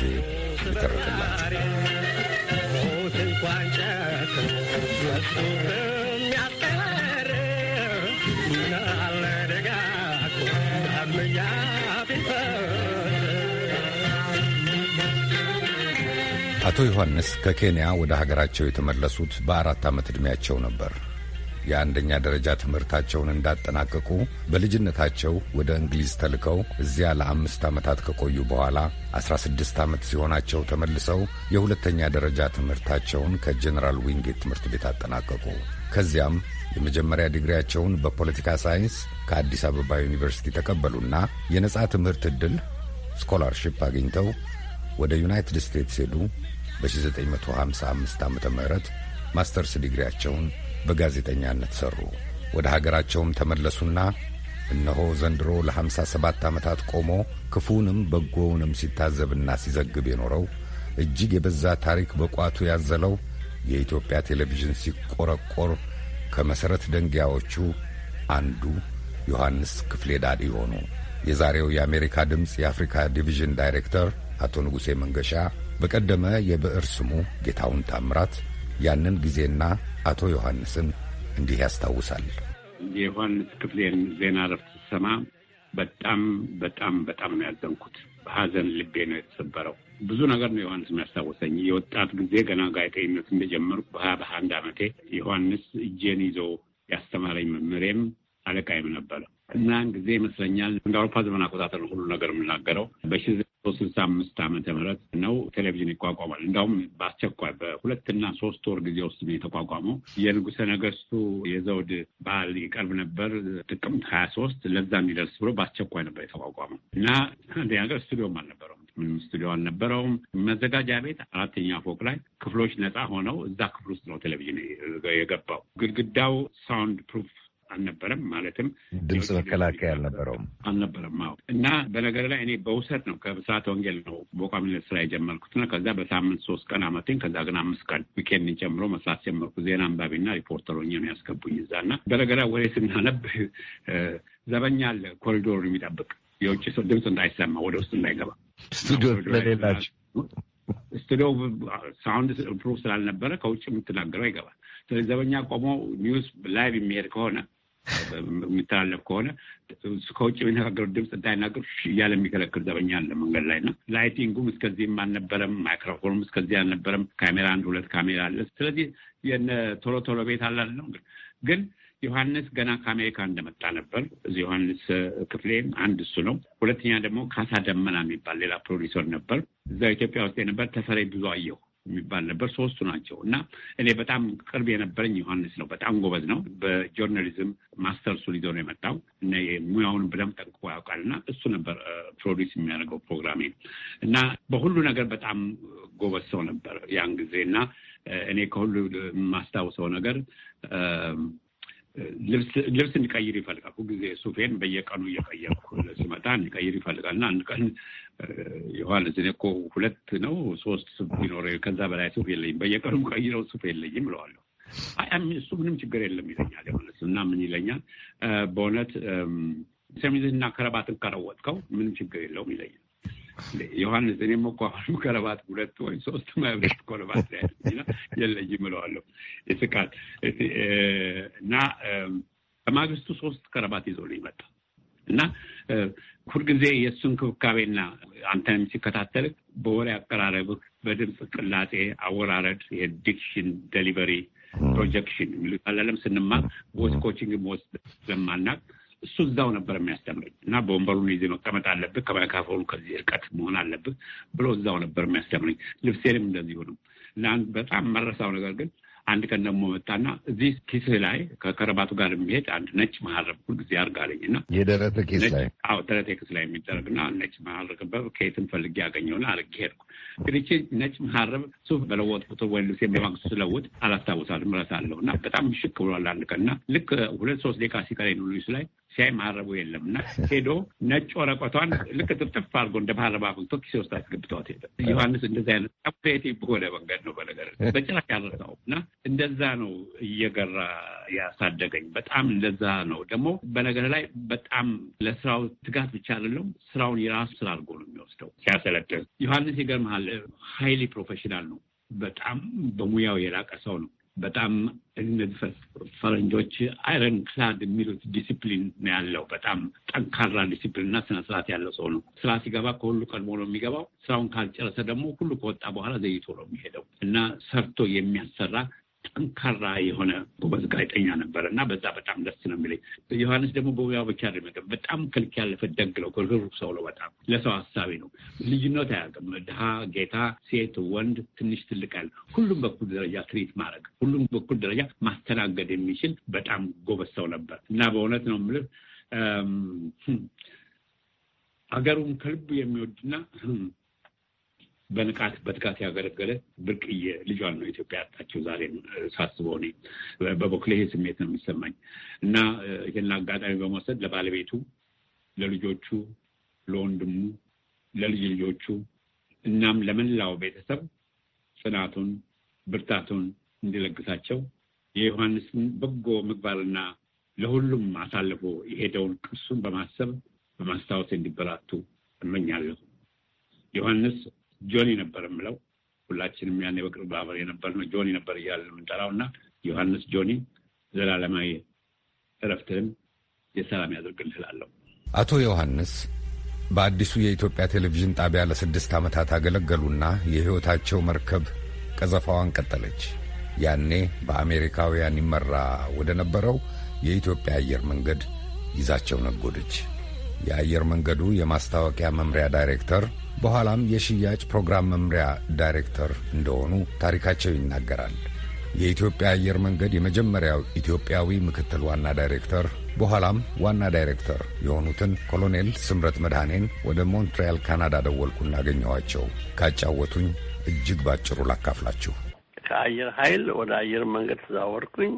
ልተረክላቸው አቶ ዮሐንስ ከኬንያ ወደ ሀገራቸው የተመለሱት በአራት ዓመት ዕድሜያቸው ነበር። የአንደኛ ደረጃ ትምህርታቸውን እንዳጠናቀቁ በልጅነታቸው ወደ እንግሊዝ ተልከው እዚያ ለአምስት ዓመታት ከቆዩ በኋላ 16 ዓመት ሲሆናቸው ተመልሰው የሁለተኛ ደረጃ ትምህርታቸውን ከጀኔራል ዊንጌት ትምህርት ቤት አጠናቀቁ። ከዚያም የመጀመሪያ ዲግሪያቸውን በፖለቲካ ሳይንስ ከአዲስ አበባ ዩኒቨርሲቲ ተቀበሉና የነጻ ትምህርት ዕድል ስኮላርሺፕ አግኝተው ወደ ዩናይትድ ስቴትስ ሄዱ። በ1955 ዓ ም ማስተርስ ዲግሪያቸውን በጋዜጠኛነት ሠሩ። ወደ ሀገራቸውም ተመለሱና እነሆ ዘንድሮ ለ57 ዓመታት ቆሞ ክፉውንም በጎውንም ሲታዘብና ሲዘግብ የኖረው እጅግ የበዛ ታሪክ በቋቱ ያዘለው የኢትዮጵያ ቴሌቪዥን ሲቆረቆር ከመሠረት ደንጊያዎቹ አንዱ ዮሐንስ ክፍሌ ዳዲ ሆኑ። የዛሬው የአሜሪካ ድምፅ የአፍሪካ ዲቪዥን ዳይሬክተር አቶ ንጉሴ መንገሻ በቀደመ የብዕር ስሙ ጌታውን ታምራት ያንን ጊዜና አቶ ዮሐንስን እንዲህ ያስታውሳል። የዮሐንስ ክፍሌን ዜና እረፍት ስሰማ በጣም በጣም በጣም ነው ያዘንኩት። በሀዘን ልቤ ነው የተሰበረው። ብዙ ነገር ነው ዮሐንስ የሚያስታውሰኝ። የወጣት ጊዜ ገና ጋዜጠኝነት እንደጀመርኩ በሀያ በአንድ ዓመቴ ዮሐንስ እጄን ይዞ ያስተማረኝ መምህሬም አለቃይም ነበረ እና ጊዜ ይመስለኛል እንደ አውሮፓ ዘመን አቆጣጠር ሁሉ ነገር የምናገረው በሽ ስልሳ አምስት ዓመተ ምህረት ነው ቴሌቪዥን ይቋቋማል። እንዲሁም በአስቸኳይ በሁለትና ሶስት ወር ጊዜ ውስጥ ነው የተቋቋመው። የንጉሰ ነገስቱ የዘውድ በዓል ይቀርብ ነበር ጥቅምት ሀያ ሶስት ለዛ እንዲደርስ ብሎ በአስቸኳይ ነበር የተቋቋመው እና አንድ ነገር ስቱዲዮም አልነበረውም። ምንም ስቱዲዮ አልነበረውም። መዘጋጃ ቤት አራተኛ ፎቅ ላይ ክፍሎች ነፃ ሆነው እዛ ክፍል ውስጥ ነው ቴሌቪዥን የገባው። ግድግዳው ሳውንድ ፕሩፍ አልነበረም። ማለትም ድምፅ መከላከያ አልነበረውም አልነበረም ማወቅ እና በነገር ላይ እኔ በውሰት ነው ከብስራተ ወንጌል ነው በቋሚነት ስራ የጀመርኩትና ከዛ በሳምንት ሶስት ቀን አመቴን ከዛ ግን አምስት ቀን ዊኬንድን ጨምሮ መስራት ጀመርኩ። ዜና አንባቢና ሪፖርተር ሆኜ ነው ያስገቡኝ እዛ እና በነገር ወሬ ስናነብ ዘበኛ አለ ኮሪዶር የሚጠብቅ የውጭ ሰው ድምፅ እንዳይሰማ ወደ ውስጥ እንዳይገባ ስቱዲዮ ስቱዲዮ ሳውንድ ፕሩፍ ስላልነበረ ከውጭ የምትናገረው ይገባል። ስለዚህ ዘበኛ ቆሞ ኒውስ ላይቭ የሚሄድ ከሆነ የሚተላለፍ ከሆነ ከውጭ የሚነጋገሩት ድምፅ እንዳይናገሩ እያለ የሚከለክል ዘበኛ አለ መንገድ ላይ እና ላይቲንጉም እስከዚህም አልነበረም። ማይክሮፎኑም እስከዚህ አልነበረም። ካሜራ አንድ ሁለት ካሜራ አለ። ስለዚህ የነ ቶሎ ቶሎ ቤት አላለም ግን ዮሐንስ ገና ከአሜሪካ እንደመጣ ነበር። እዚህ ዮሐንስ ክፍሌም አንድ እሱ ነው። ሁለተኛ ደግሞ ካሳ ደመና የሚባል ሌላ ፕሮዲሰር ነበር። እዛ ኢትዮጵያ ውስጥ ነበር። ተፈሪ ብዙ የሚባል ነበር። ሶስቱ ናቸው እና እኔ በጣም ቅርብ የነበረኝ ዮሐንስ ነው። በጣም ጎበዝ ነው። በጆርናሊዝም ማስተርሱን ይዞ ነው የመጣው እና ሙያውን በደንብ ጠንቅቆ ያውቃል እና እሱ ነበር ፕሮዲስ የሚያደርገው ፕሮግራሜ እና በሁሉ ነገር በጣም ጎበዝ ሰው ነበር ያን ጊዜ እና እኔ ከሁሉ የማስታውሰው ነገር ልብስ እንዲቀይር ይፈልጋል። ሁልጊዜ ሱፌን በየቀኑ እየቀየርኩ ሲመጣ እንዲቀይር ይፈልጋል እና አንድ ቀን ዮሐንስ እኔ እኮ ሁለት ነው ሶስት ሱፍ ቢኖረ ከዛ በላይ ሱፍ የለኝም፣ በየቀኑ ቀይረው ሱፍ የለኝም እለዋለሁ። እሱ ምንም ችግር የለም ይለኛል ዮሐንስ እና ምን ይለኛል በእውነት ሸሚዝህና ከረባትን ከለወጥከው ምንም ችግር የለውም ይለኛል። ዮሐንስ እኔም እኮ አሁን ከረባት ሁለት ወይ ሶስት መብረት ኮረባት ያለ የለይም እለዋለሁ ይስቃል። እና ከማግስቱ ሶስት ከረባት ይዞ ነው ይመጣ እና ሁልጊዜ የእሱ እንክብካቤና አንተንም ሲከታተልህ በወሬ አቀራረብህ፣ በድምፅ ቅላጼ፣ አወራረድ፣ የዲክሽን ደሊቨሪ ፕሮጀክሽን አላለም ስንማር ቮይስ ኮችንግ ወስድ ስለማናቅ እሱ እዛው ነበር የሚያስተምረኝ እና በወንበሩን ይዜ መቀመጥ አለብህ፣ ከማይክራፎኑ ከዚህ እርቀት መሆን አለብህ ብሎ እዛው ነበር የሚያስተምረኝ። ልብሴንም እንደዚሁ ነው። በጣም መረሳው ነገር ግን አንድ ቀን ደግሞ መጣና እዚህ ኪስ ላይ ከከረባቱ ጋር የሚሄድ አንድ ነጭ መሀረብ ሁልጊዜ አድርጋለኝ እና የደረት ኪስ ላይ አዎ፣ ደረት ኪስ ላይ የሚደረግና ነጭ መሀረብ ከየትም ፈልጌ ያገኘውን አድርጌ ሄድኩ። ግንቺ ነጭ መሀረብ ሱፍ በለወጥ ቁጥር ወይ ልብሴ በማግስቱ ስለውጥ አላስታውሳትም እረሳለሁ። እና በጣም ምሽክ ብሏል አንድ ቀን እና ልክ ሁለት ሶስት ደቂቃ ሲቀረኝ ሉስ ላይ ሲያይ ማረቡ የለም እና ሄዶ ነጭ ወረቀቷን ልክ ጥፍጥፍ አድርጎ እንደ ባህረ አብቶ ኪሴ ውስጥ አስገብተዋት ሄደ። ዮሐንስ እንደዚህ አይነት አፕሬቲቭ በሆነ መንገድ ነው በነገር በጭራሽ ያረሳው እና እንደዛ ነው እየገራ ያሳደገኝ። በጣም እንደዛ ነው ደግሞ በነገር ላይ በጣም ለስራው ትጋት ብቻ አይደለም ስራውን የራሱ ስራ አድርጎ ነው የሚወስደው ሲያሰለጥን። ዮሐንስ ይገርምሃል፣ ሀይሊ ፕሮፌሽናል ነው። በጣም በሙያው የላቀ ሰው ነው። በጣም እነዚህ ፈረንጆች አይረን ክላድ የሚሉት ዲሲፕሊን ነው ያለው። በጣም ጠንካራ ዲሲፕሊን ስነ ስነስርዓት ያለው ሰው ነው። ስራ ሲገባ ከሁሉ ቀድሞ ነው የሚገባው። ስራውን ካልጨረሰ ደግሞ ሁሉ ከወጣ በኋላ ዘይቶ ነው የሚሄደው እና ሰርቶ የሚያሰራ ጠንካራ የሆነ ጎበዝ ጋዜጠኛ ነበር እና በዛ በጣም ደስ ነው የሚለኝ። ዮሐንስ ደግሞ በሙያው ብቻ አይደለም፣ በጣም ከልክ ያለፈ ደግ ነው፣ ርህሩህ ሰው ነው። በጣም ለሰው ሀሳቢ ነው። ልዩነት አያውቅም። ድሃ፣ ጌታ፣ ሴት፣ ወንድ፣ ትንሽ፣ ትልቅ ያለ ሁሉም በኩል ደረጃ ትሪት ማድረግ ሁሉም በኩል ደረጃ ማስተናገድ የሚችል በጣም ጎበዝ ሰው ነበር እና በእውነት ነው የምልህ አገሩን ከልቡ የሚወድና በንቃት በትጋት ያገለገለ ብርቅዬ ልጇን ነው ኢትዮጵያ ያጣችው። ዛሬ ሳስበው እኔ በበኩሌ ይሄ ስሜት ነው የሚሰማኝ እና ይህን አጋጣሚ በመውሰድ ለባለቤቱ፣ ለልጆቹ፣ ለወንድሙ፣ ለልጅ ልጆቹ እናም ለመላው ቤተሰብ ጽናቱን ብርታቱን እንዲለግሳቸው የዮሐንስን በጎ ምግባርና ለሁሉም አሳልፎ የሄደውን ቅርሱን በማሰብ በማስታወስ እንዲበራቱ እመኛለሁ። ዮሐንስ ጆኒ ነበር የምለው። ሁላችንም ያኔ በቅርብ አብር የነበር ነው ጆኒ ነበር እያልን የምንጠራው እና ዮሐንስ ጆኒ ዘላለማዊ እረፍትህን የሰላም ያድርግልህ እላለሁ። አቶ ዮሐንስ በአዲሱ የኢትዮጵያ ቴሌቪዥን ጣቢያ ለስድስት ዓመታት አገለገሉና የሕይወታቸው መርከብ ቀዘፋዋን ቀጠለች። ያኔ በአሜሪካውያን ይመራ ወደ ነበረው የኢትዮጵያ አየር መንገድ ይዛቸው ነጎደች። የአየር መንገዱ የማስታወቂያ መምሪያ ዳይሬክተር በኋላም የሽያጭ ፕሮግራም መምሪያ ዳይሬክተር እንደሆኑ ታሪካቸው ይናገራል። የኢትዮጵያ አየር መንገድ የመጀመሪያው ኢትዮጵያዊ ምክትል ዋና ዳይሬክተር በኋላም ዋና ዳይሬክተር የሆኑትን ኮሎኔል ስምረት መድኃኔን ወደ ሞንትሪያል ካናዳ ደወልኩና አገኘኋቸው። ካጫወቱኝ እጅግ ባጭሩ ላካፍላችሁ። ከአየር ኃይል ወደ አየር መንገድ ተዛወርኩኝ።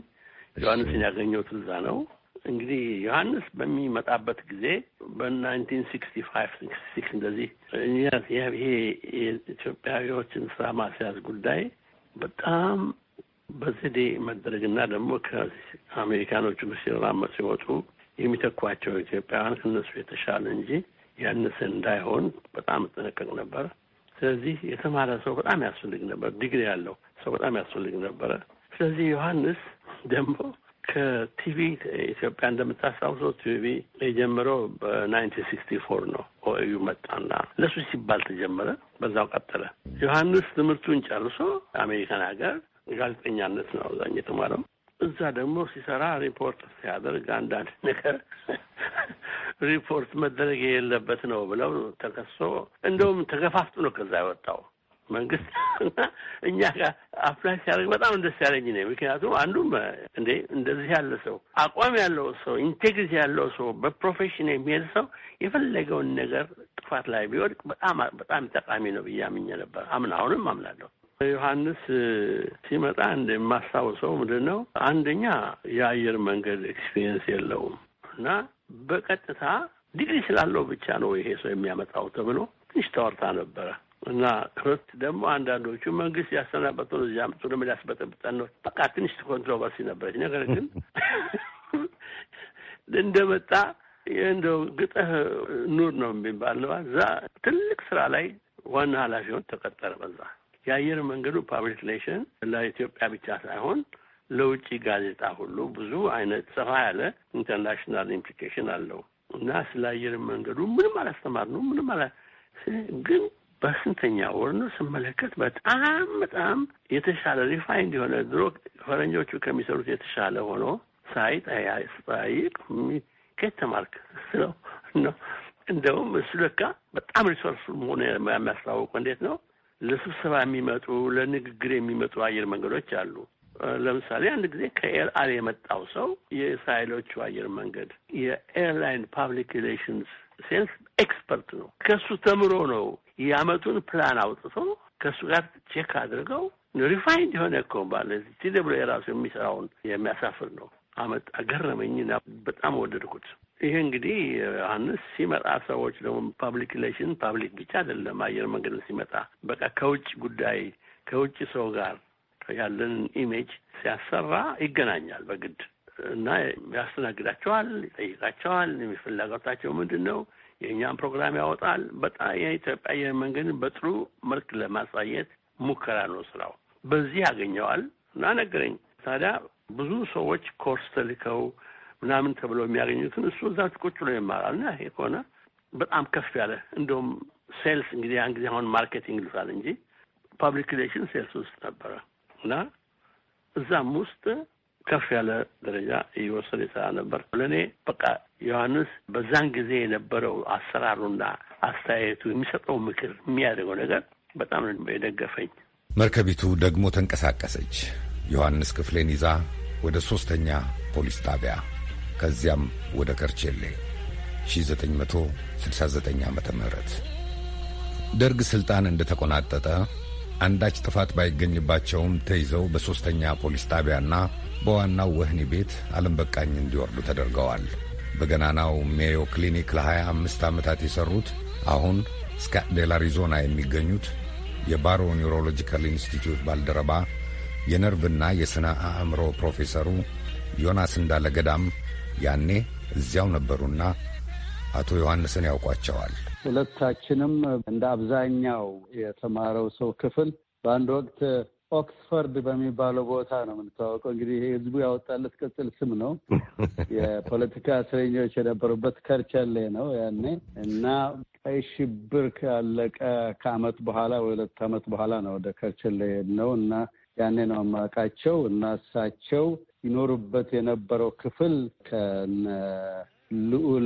ዮሐንስን ያገኘሁት እዛ ነው። እንግዲህ ዮሐንስ በሚመጣበት ጊዜ በናይንቲን ሲክስቲ ፋይቭ ሲክስ እንደዚህ ይሄ የኢትዮጵያዊዎችን ስራ ማስያዝ ጉዳይ በጣም በዘዴ መደረግና ደግሞ ከአሜሪካኖቹ ሲራመ ሲወጡ የሚተኳቸው ኢትዮጵያውያን ከነሱ የተሻለ እንጂ ያነሰ እንዳይሆን በጣም እጠነቀቅ ነበር። ስለዚህ የተማረ ሰው በጣም ያስፈልግ ነበር። ዲግሪ ያለው ሰው በጣም ያስፈልግ ነበረ። ስለዚህ ዮሐንስ ደግሞ ከቲቪ ኢትዮጵያ እንደምታስታውሰው ቲቪ የጀመረው በናይንቲን ሲክስቲ ፎር ነው። ኦዩ መጣና ለሱ ሲባል ተጀመረ። በዛው ቀጠለ። ዮሐንስ ትምህርቱን ጨርሶ አሜሪካን ሀገር ጋዜጠኛነት ነው አብዛኛው የተማረው። እዛ ደግሞ ሲሰራ ሪፖርት ሲያደርግ አንዳንድ ነገር ሪፖርት መደረግ የሌለበት ነው ብለው ተከሶ እንደውም ተገፋፍጡ ነው ከዛ የወጣው መንግስት እኛ ጋር አፕላይ ሲያደርግ በጣም ደስ ያለኝ ነ ምክንያቱም አንዱም እንዴ እንደዚህ ያለ ሰው አቋም ያለው ሰው ኢንቴግሪቲ ያለው ሰው በፕሮፌሽን የሚሄድ ሰው የፈለገውን ነገር ጥፋት ላይ ቢወድቅ በጣም በጣም ጠቃሚ ነው ብዬ አምኜ ነበር። አምን አሁንም አምናለሁ። ዮሐንስ ሲመጣ እንደማስታውሰው ምንድን ነው አንደኛ የአየር መንገድ ኤክስፒሪየንስ የለውም እና በቀጥታ ዲግሪ ስላለው ብቻ ነው ይሄ ሰው የሚያመጣው ተብሎ ትንሽ ተወርታ ነበረ። እና ሁለት ደግሞ አንዳንዶቹ መንግስት ያሰናበጡ ነው፣ እዚህ አምጡ ደግሞ ሊያስበጠብጠን ነው። በቃ ትንሽ ኮንትሮቨርሲ ነበረች። ነገር ግን እንደመጣ እንደው ግጠህ ኑር ነው የሚባል የሚባለው። እዛ ትልቅ ስራ ላይ ዋና ኃላፊውን ተቀጠረ። በዛ የአየር መንገዱ ፓብሊክ ሌሽን ለኢትዮጵያ ብቻ ሳይሆን ለውጭ ጋዜጣ ሁሉ ብዙ አይነት ሰፋ ያለ ኢንተርናሽናል ኢምፕሊኬሽን አለው እና ስለ አየር መንገዱ ምንም አላስተማር ነው ምንም አላ ግን በስንተኛ ወር ነው ስመለከት በጣም በጣም የተሻለ ሪፋይንድ የሆነ ድሮ ፈረንጆቹ ከሚሰሩት የተሻለ ሆኖ ሳይ ጠይቅ ከየት ተማርክ ስለው ነው እንደውም እሱ ለካ በጣም ሪሶርስ መሆኑ የሚያስታወቁ እንዴት ነው? ለስብሰባ የሚመጡ ለንግግር የሚመጡ አየር መንገዶች አሉ። ለምሳሌ አንድ ጊዜ ከኤልአል አል የመጣው ሰው የእስራኤሎቹ አየር መንገድ የኤርላይን ፓብሊክ ሪሌሽንስ ሴንስ ኤክስፐርት ነው። ከሱ ተምሮ ነው የአመቱን ፕላን አውጥቶ ከእሱ ጋር ቼክ አድርገው ሪፋይንድ የሆነ እኮ ባለ የራሱ የሚሰራውን የሚያሳፍር ነው። አመት አገረመኝና በጣም ወደድኩት። ይሄ እንግዲህ ዮሐንስ ሲመጣ ሰዎች ደግሞ ፓብሊክ ሪሌሽን ፓብሊክ ብቻ አይደለም አየር መንገድ ሲመጣ በቃ ከውጭ ጉዳይ ከውጭ ሰው ጋር ያለንን ኢሜጅ ሲያሰራ ይገናኛል በግድ እና ያስተናግዳቸዋል፣ ይጠይቃቸዋል። የሚፈላጋታቸው ምንድን ነው? የእኛም ፕሮግራም ያወጣል። በጣም የኢትዮጵያ አየር መንገድን በጥሩ መልክ ለማሳየት ሙከራ ነው ስራው። በዚህ ያገኘዋል እና ነገረኝ። ታዲያ ብዙ ሰዎች ኮርስ ተልከው ምናምን ተብለው የሚያገኙትን እሱ እዛ ቁጭ ነው ይማራል። እና ይሄ ከሆነ በጣም ከፍ ያለ እንደውም ሴልስ እንግዲህ ያን ጊዜ አሁን ማርኬቲንግ ልሳል እንጂ ፐብሊክ ሪሌሽን ሴልስ ውስጥ ነበረ እና እዛም ውስጥ ከፍ ያለ ደረጃ እየወሰደ ይሰራ ነበር። ለእኔ በቃ ዮሐንስ በዛን ጊዜ የነበረው አሰራሩና አስተያየቱ የሚሰጠው ምክር፣ የሚያደርገው ነገር በጣም የደገፈኝ። መርከቢቱ ደግሞ ተንቀሳቀሰች። ዮሐንስ ክፍሌን ይዛ ወደ ሦስተኛ ፖሊስ ጣቢያ ከዚያም ወደ ከርቼሌ 1969 ዓ ም ደርግ ሥልጣን እንደተቆናጠጠ አንዳች ጥፋት ባይገኝባቸውም ተይዘው በሦስተኛ ፖሊስ ጣቢያና በዋናው ወህኒ ቤት አለም በቃኝ እንዲወርዱ ተደርገዋል። በገናናው ሜዮ ክሊኒክ ለ25 ዓመታት የሠሩት አሁን ስካትዴል አሪዞና የሚገኙት የባሮ ኒውሮሎጂካል ኢንስቲትዩት ባልደረባ የነርቭና የሥነ አእምሮ ፕሮፌሰሩ ዮናስ እንዳለ ገዳም ያኔ እዚያው ነበሩና አቶ ዮሐንስን ያውቋቸዋል። ሁለታችንም እንደ አብዛኛው የተማረው ሰው ክፍል በአንድ ወቅት ኦክስፈርድ በሚባለው ቦታ ነው የምንተዋወቀው። እንግዲህ ይሄ ህዝቡ ያወጣለት ቅጽል ስም ነው። የፖለቲካ እስረኞች የነበሩበት ከርቸሌ ነው ያኔ እና ቀይ ሽብር ካለቀ ከአመት በኋላ ወይ ሁለት አመት በኋላ ነው ወደ ከርቸሌ ነው እና ያኔ ነው አማቃቸው እና እሳቸው ይኖሩበት የነበረው ክፍል ከነ ልዑል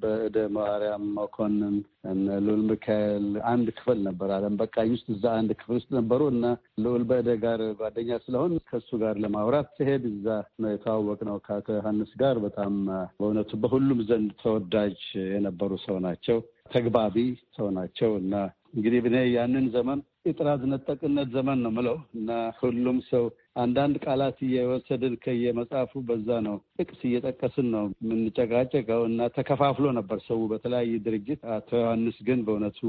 በእደ ማርያም መኮንን እነ ልዑል ሚካኤል አንድ ክፍል ነበር። አለም በቃኝ ውስጥ እዛ አንድ ክፍል ውስጥ ነበሩ እና ልዑል በእደ ጋር ጓደኛ ስለሆን ከሱ ጋር ለማውራት ሲሄድ እዛ ነው የተዋወቅነው ከአቶ ዮሐንስ ጋር። በጣም በእውነቱ በሁሉም ዘንድ ተወዳጅ የነበሩ ሰው ናቸው። ተግባቢ ሰው ናቸው እና እንግዲህ እኔ ያንን ዘመን የጥራዝ ነጠቅነት ዘመን ነው ምለው እና ሁሉም ሰው አንዳንድ ቃላት እየወሰድን ከየመጽሐፉ በዛ ነው ጥቅስ እየጠቀስን ነው የምንጨቃጨቀው እና ተከፋፍሎ ነበር ሰው በተለያየ ድርጅት። አቶ ዮሐንስ ግን በእውነቱ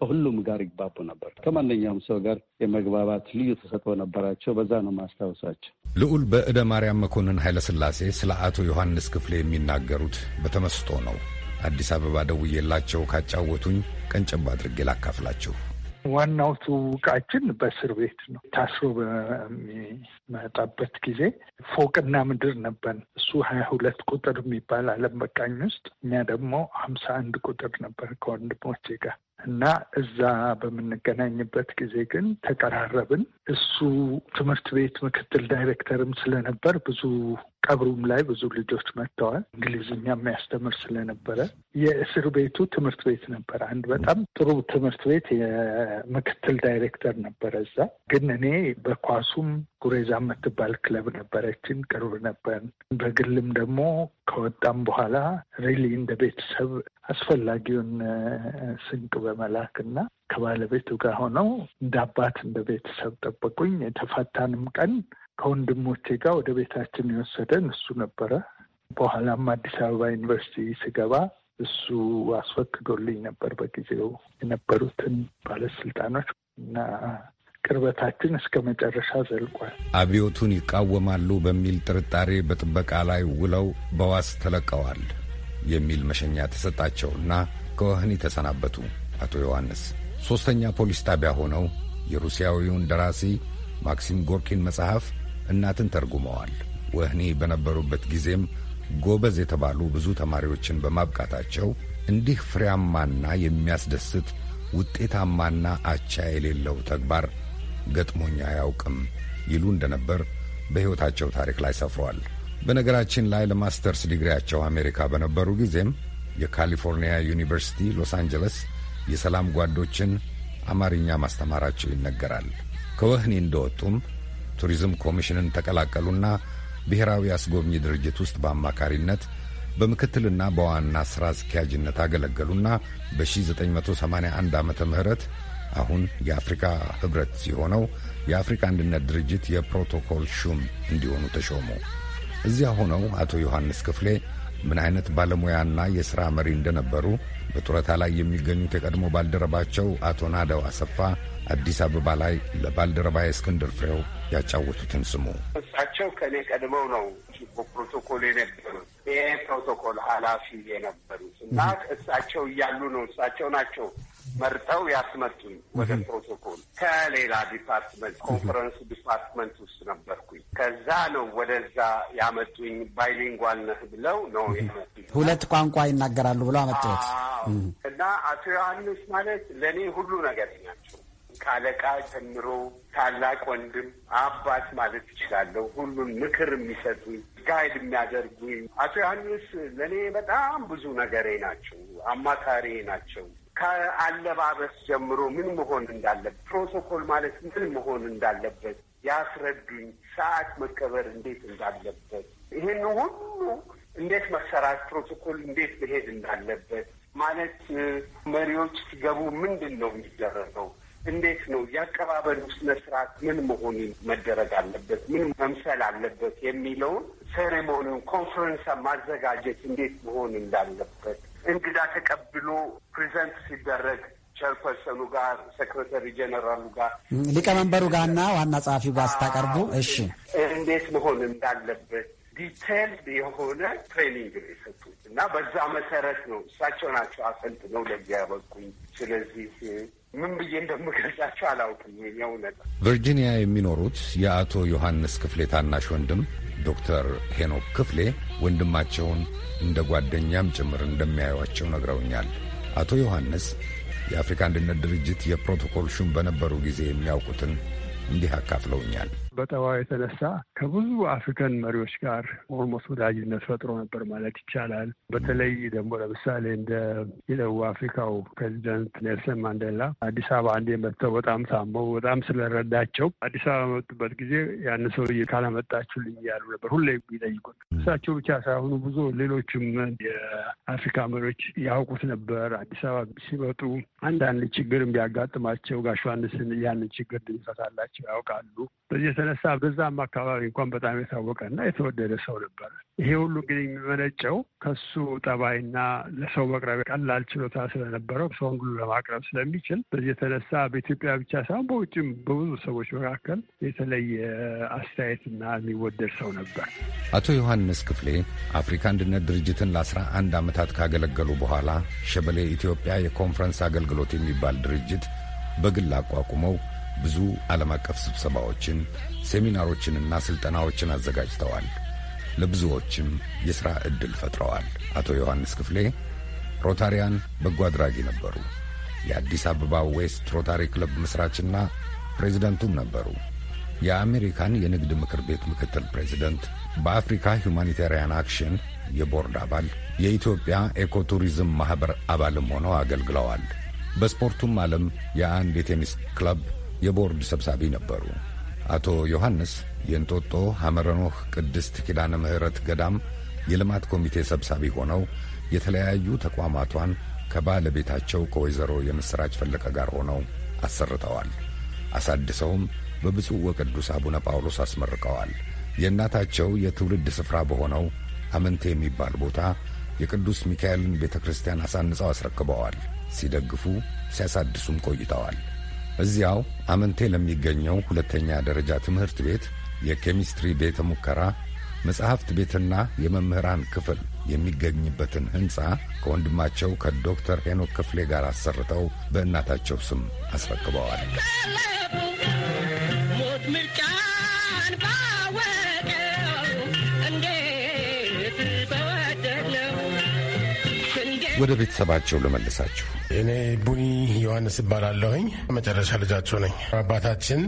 ከሁሉም ጋር ይግባቡ ነበር። ከማንኛውም ሰው ጋር የመግባባት ልዩ ተሰጥኦ ነበራቸው። በዛ ነው ማስታወሳቸው። ልዑል በእደ ማርያም መኮንን ኃይለሥላሴ ስለ አቶ ዮሐንስ ክፍሌ የሚናገሩት በተመስጦ ነው። አዲስ አበባ ደውዬላቸው ካጫወቱኝ ቀንጨብ አድርጌ ላካፍላችሁ። ዋናው ትውውቃችን በእስር ቤት ነው። ታስሮ በሚመጣበት ጊዜ ፎቅና ምድር ነበር። እሱ ሀያ ሁለት ቁጥር የሚባል አለም በቃኝ ውስጥ እኛ ደግሞ ሀምሳ አንድ ቁጥር ነበር ከወንድሞቼ ጋር እና እዛ በምንገናኝበት ጊዜ ግን ተቀራረብን። እሱ ትምህርት ቤት ምክትል ዳይሬክተርም ስለነበር ብዙ ቀብሩም ላይ ብዙ ልጆች መጥተዋል። እንግሊዝኛ የሚያስተምር ስለነበረ የእስር ቤቱ ትምህርት ቤት ነበር። አንድ በጣም ጥሩ ትምህርት ቤት የምክትል ዳይሬክተር ነበረ። እዛ ግን እኔ በኳሱም ጉሬዛ የምትባል ክለብ ነበረችን፣ ቅርብ ነበር። በግልም ደግሞ ከወጣም በኋላ ሪሊ እንደ ቤተሰብ አስፈላጊውን ስንቅ በመላክ እና ከባለቤቱ ጋር ሆነው እንደ አባት እንደ ቤተሰብ ጠበቁኝ። የተፋታንም ቀን ከወንድሞቼ ጋር ወደ ቤታችን የወሰደን እሱ ነበረ። በኋላም አዲስ አበባ ዩኒቨርሲቲ ስገባ እሱ አስፈቅዶልኝ ነበር በጊዜው የነበሩትን ባለስልጣኖች እና ቅርበታችን እስከ መጨረሻ ዘልቋል። አብዮቱን ይቃወማሉ በሚል ጥርጣሬ በጥበቃ ላይ ውለው በዋስ ተለቀዋል። የሚል መሸኛ ተሰጣቸውና ከወህኒ ተሰናበቱ። አቶ ዮሐንስ ሦስተኛ ፖሊስ ጣቢያ ሆነው የሩሲያዊውን ደራሲ ማክሲም ጎርኪን መጽሐፍ እናትን ተርጉመዋል። ወህኒ በነበሩበት ጊዜም ጎበዝ የተባሉ ብዙ ተማሪዎችን በማብቃታቸው እንዲህ ፍሬያማና የሚያስደስት ውጤታማና አቻ የሌለው ተግባር ገጥሞኛ አያውቅም ይሉ እንደነበር በሕይወታቸው ታሪክ ላይ ሰፍሯል። በነገራችን ላይ ለማስተርስ ዲግሪያቸው አሜሪካ በነበሩ ጊዜም የካሊፎርኒያ ዩኒቨርሲቲ ሎስ አንጀለስ የሰላም ጓዶችን አማርኛ ማስተማራቸው ይነገራል። ከወህኒ እንደወጡም ቱሪዝም ኮሚሽንን ተቀላቀሉና ብሔራዊ አስጎብኚ ድርጅት ውስጥ በአማካሪነት በምክትልና በዋና ሥራ አስኪያጅነት አገለገሉና በ1981 ዓ ም አሁን የአፍሪካ ኅብረት የሆነው የአፍሪካ አንድነት ድርጅት የፕሮቶኮል ሹም እንዲሆኑ ተሾሙ። እዚያ ሆነው አቶ ዮሐንስ ክፍሌ ምን አይነት ባለሙያና የሥራ መሪ እንደነበሩ በጡረታ ላይ የሚገኙት የቀድሞ ባልደረባቸው አቶ ናደው አሰፋ አዲስ አበባ ላይ ለባልደረባ እስክንድር ፍሬው ያጫወቱትን ስሙ። እሳቸው ከእኔ ቀድመው ነው በፕሮቶኮል የነበሩት ይህ ፕሮቶኮል ኃላፊ የነበሩት እና እሳቸው እያሉ ነው እሳቸው ናቸው መርጠው ያስመጡኝ ወደ ፕሮቶኮል። ከሌላ ዲፓርትመንት ኮንፈረንስ ዲፓርትመንት ውስጥ ነበር ከዛ ነው ወደዛ ያመጡኝ። ባይሊንጓል ነህ ብለው ነው ያመጡኝ። ሁለት ቋንቋ ይናገራሉ ብለው አመጡት እና አቶ ዮሐንስ ማለት ለእኔ ሁሉ ነገር ናቸው። ከአለቃ ጀምሮ ታላቅ ወንድም፣ አባት ማለት እችላለሁ። ሁሉን ምክር የሚሰጡኝ፣ ጋይድ የሚያደርጉኝ አቶ ዮሐንስ ለእኔ በጣም ብዙ ነገሬ ናቸው። አማካሪ ናቸው። ከአለባበስ ጀምሮ ምን መሆን እንዳለበት ፕሮቶኮል ማለት ምን መሆን እንዳለበት ያስረዱኝ። ሰዓት መቀበር እንዴት እንዳለበት ይሄን ሁሉ እንዴት መሰራት ፕሮቶኮል እንዴት መሄድ እንዳለበት ማለት መሪዎች ሲገቡ ምንድን ነው የሚደረገው? እንዴት ነው የአቀባበሉ ስነ ስርዓት ምን መሆን መደረግ አለበት፣ ምን መምሰል አለበት የሚለውን ሴሬሞኒውን፣ ኮንፈረንስ ማዘጋጀት እንዴት መሆን እንዳለበት እንግዳ ተቀብሎ ፕሬዘንት ሲደረግ ቸርፐርሰኑ ጋር፣ ሴክሬታሪ ጀነራሉ ጋር፣ ሊቀመንበሩ ጋር እና ዋና ጸሐፊው ጋር ስታቀርቡ እሺ እንዴት መሆን እንዳለበት ዲቴል የሆነ ትሬኒንግ ነው የሰጡት እና በዛ መሰረት ነው እሳቸው ናቸው ነው ለዚያ ያበቁኝ። ስለዚህ ምን ብዬ እንደምገልጻቸው አላውቅም። የእውነት ቨርጂኒያ የሚኖሩት የአቶ ዮሐንስ ክፍሌ ታናሽ ወንድም ዶክተር ሄኖክ ክፍሌ ወንድማቸውን እንደ ጓደኛም ጭምር እንደሚያዩቸው ነግረውኛል። አቶ ዮሐንስ የአፍሪካ አንድነት ድርጅት የፕሮቶኮል ሹም በነበሩ ጊዜ የሚያውቁትን እንዲህ አካፍለውኛል። በጠባዋ የተነሳ ከብዙ አፍሪካን መሪዎች ጋር ኦልሞስት ወዳጅነት ፈጥሮ ነበር ማለት ይቻላል። በተለይ ደግሞ ለምሳሌ እንደ የደቡብ አፍሪካው ፕሬዚደንት ኔልሰን ማንዴላ አዲስ አበባ አንዴ መጥተው በጣም ታመው በጣም ስለረዳቸው አዲስ አበባ መጡበት ጊዜ ያን ሰውዬ ካላመጣችሁልኝ እያሉ ነበር ሁሌ ይጠይቁት። እሳቸው ብቻ ሳይሆኑ ብዙ ሌሎችም የአፍሪካ መሪዎች ያውቁት ነበር። አዲስ አበባ ሲመጡ አንዳንድ ችግር ቢያጋጥማቸው ጋሽ ዮሐንስን ያንን ችግር እንዲፈታላቸው ያውቃሉ። በዚህ የተነሳ በዛም አካባቢ እንኳን በጣም የታወቀ እና የተወደደ ሰው ነበረ። ይሄ ሁሉ እንግዲህ የሚመነጨው ከሱ ጠባይና ለሰው መቅረብ ቀላል ችሎታ ስለነበረው ሰውን ሁሉ ለማቅረብ ስለሚችል በዚህ የተነሳ በኢትዮጵያ ብቻ ሳይሆን በውጭም በብዙ ሰዎች መካከል የተለየ አስተያየትና የሚወደድ ሰው ነበር። አቶ ዮሐንስ ክፍሌ አፍሪካ አንድነት ድርጅትን ለአስራ አንድ ዓመታት ካገለገሉ በኋላ ሸበሌ ኢትዮጵያ የኮንፈረንስ አገልግሎት የሚባል ድርጅት በግል አቋቁመው ብዙ ዓለም አቀፍ ስብሰባዎችን ሴሚናሮችንና ሥልጠናዎችን አዘጋጅተዋል። ለብዙዎችም የሥራ ዕድል ፈጥረዋል። አቶ ዮሐንስ ክፍሌ ሮታሪያን በጎ አድራጊ ነበሩ። የአዲስ አበባ ዌስት ሮታሪ ክለብ መሥራችና ፕሬዚደንቱም ነበሩ። የአሜሪካን የንግድ ምክር ቤት ምክትል ፕሬዚደንት፣ በአፍሪካ ሁማኒታሪያን አክሽን የቦርድ አባል፣ የኢትዮጵያ ኤኮቱሪዝም ማኅበር አባልም ሆነው አገልግለዋል። በስፖርቱም ዓለም የአንድ የቴኒስ ክለብ የቦርድ ሰብሳቢ ነበሩ። አቶ ዮሐንስ የእንጦጦ ሐመረኖህ ቅድስት ኪዳነ ምሕረት ገዳም የልማት ኮሚቴ ሰብሳቢ ሆነው የተለያዩ ተቋማቷን ከባለቤታቸው ከወይዘሮ የምሥራች ፈለቀ ጋር ሆነው አሰርተዋል። አሳድሰውም በብፁዕ ወቅዱስ አቡነ ጳውሎስ አስመርቀዋል። የእናታቸው የትውልድ ስፍራ በሆነው አመንቴ የሚባል ቦታ የቅዱስ ሚካኤልን ቤተ ክርስቲያን አሳንጸው አስረክበዋል። ሲደግፉ ሲያሳድሱም ቆይተዋል። እዚያው አመንቴ ለሚገኘው ሁለተኛ ደረጃ ትምህርት ቤት የኬሚስትሪ ቤተ ሙከራ መጽሐፍት ቤትና የመምህራን ክፍል የሚገኝበትን ሕንፃ ከወንድማቸው ከዶክተር ሄኖክ ክፍሌ ጋር አሰርተው በእናታቸው ስም አስረክበዋል። ወደ ቤተሰባቸው ለመልሳችሁ እኔ ቡኒ ዮሐንስ ይባላለሁኝ። መጨረሻ ልጃቸው ነኝ። አባታችን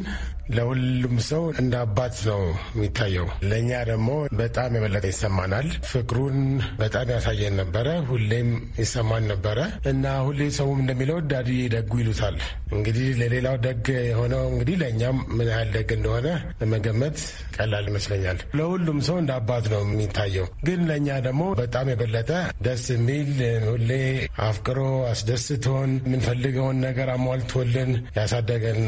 ለሁሉም ሰው እንደ አባት ነው የሚታየው። ለእኛ ደግሞ በጣም የበለጠ ይሰማናል። ፍቅሩን በጣም ያሳየን ነበረ። ሁሌም ይሰማን ነበረ እና ሁሌ ሰውም እንደሚለው ዳዲ ደጉ ይሉታል። እንግዲህ ለሌላው ደግ የሆነው እንግዲህ ለእኛም ምን ያህል ደግ እንደሆነ ለመገመት ቀላል ይመስለኛል። ለሁሉም ሰው እንደ አባት ነው የሚታየው፣ ግን ለእኛ ደግሞ በጣም የበለጠ ደስ የሚል ሁሌ አፍቅሮ አስደስ ስትሆን የምንፈልገውን ነገር አሟልቶልን ያሳደገን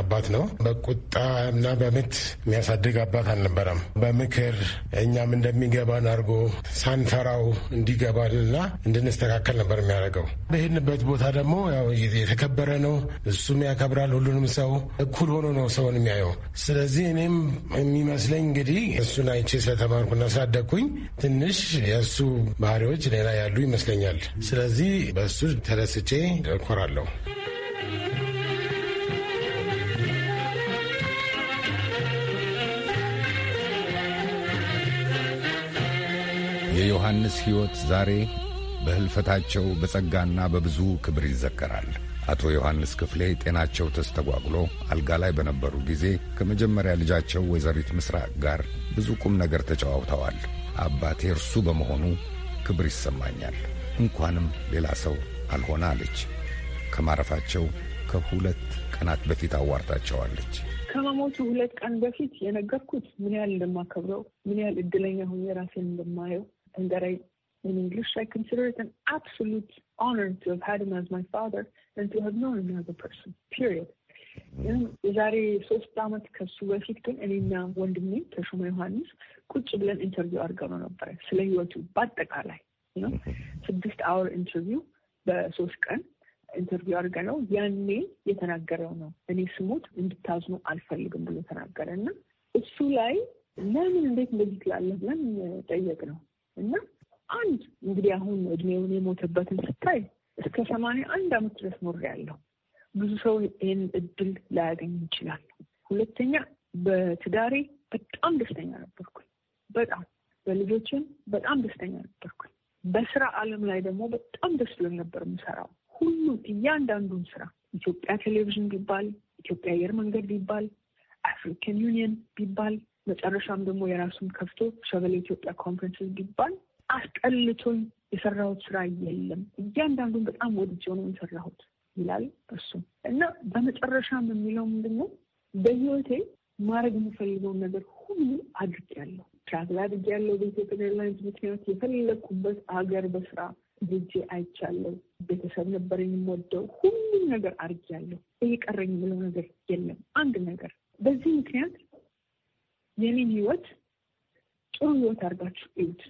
አባት ነው። በቁጣ እና በምት የሚያሳድግ አባት አልነበረም። በምክር እኛም እንደሚገባን አድርጎ ሳንፈራው እንዲገባንና እንድንስተካከል ነበር የሚያደርገው። በሄድንበት ቦታ ደግሞ የተከበረ ነው። እሱም ያከብራል ሁሉንም ሰው እኩል ሆኖ ነው ሰውን የሚያየው። ስለዚህ እኔም የሚመስለኝ እንግዲህ እሱን አይቼ ስለተማርኩና ስላደግኩኝ ትንሽ የእሱ ባህሪዎች ሌላ ያሉ ይመስለኛል። ስለዚህ በእሱ ተደስ ተደስቼ እኮራለሁ። የዮሐንስ ሕይወት ዛሬ በሕልፈታቸው በጸጋና በብዙ ክብር ይዘከራል። አቶ ዮሐንስ ክፍሌ ጤናቸው ተስተጓጉሎ አልጋ ላይ በነበሩ ጊዜ ከመጀመሪያ ልጃቸው ወይዘሪት ምስራቅ ጋር ብዙ ቁም ነገር ተጨዋውተዋል። አባቴ እርሱ በመሆኑ ክብር ይሰማኛል። እንኳንም ሌላ ሰው አልሆነ አለች። ከማረፋቸው ከሁለት ቀናት በፊት አዋርዳቸዋለች። ከመሞቱ ሁለት ቀን በፊት የነገርኩት ምን ያህል እንደማከብረው ምን ያህል እድለኛ ሆኜ ራሴን እንደማየው እንደራይ In English, I consider it an absolute honor to have had him as my father and to have known him as mm-hmm. የዛሬ ሶስት ዓመት ከሱ በፊት ግን እኔና ወንድሜ ተሾመ ዮሐንስ ቁጭ ብለን ኢንተርቪው አድርገነው ነበረ ስለ ህይወቱ በአጠቃላይ mm-hmm. ስድስት አወር ኢንተርቪው በሶስት ቀን ኢንተርቪው አድርገ ነው ያኔ የተናገረው ነው። እኔ ስሞት እንድታዝኑ አልፈልግም ብሎ ተናገረ እና እሱ ላይ ለምን እንዴት እንደዚህ ትላለህ ብለን ጠየቅ ነው እና አንድ እንግዲህ አሁን እድሜውን የሞተበትን ስታይ እስከ ሰማንያ አንድ አመት ድረስ ኖር ያለው ብዙ ሰው ይህን እድል ላያገኝ ይችላል። ሁለተኛ በትዳሬ በጣም ደስተኛ ነበርኩኝ። በጣም በልጆችን በጣም ደስተኛ ነበርኩኝ። በስራ አለም ላይ ደግሞ በጣም ደስ ብሎኝ ነበር የምሰራው። ሁሉም እያንዳንዱን ስራ ኢትዮጵያ ቴሌቪዥን ቢባል፣ ኢትዮጵያ አየር መንገድ ቢባል፣ አፍሪካን ዩኒየን ቢባል፣ መጨረሻም ደግሞ የራሱን ከፍቶ ሸበሌ ኢትዮጵያ ኮንፈረንስ ቢባል አስጠልቶኝ የሰራሁት ስራ የለም። እያንዳንዱን በጣም ወድጄው ነው የሰራሁት ይላል እሱ እና በመጨረሻም የሚለው ምንድን ነው በህይወቴ ማድረግ የምፈልገውን ነገር ሁሉ አድርጌያለሁ። ትራቭል አድርጌያለሁ። በኢትዮጵያ ኤርላይንስ ምክንያት የፈለግኩበት አገር በስራ ሄጄ አይቻለሁ። ቤተሰብ ነበረኝ የምወደው፣ ሁሉም ነገር አድርጌያለሁ። እየቀረኝ ብለው ነገር የለም አንድ ነገር። በዚህ ምክንያት የኔን ህይወት ጥሩ ህይወት አድርጋችሁ እዩት።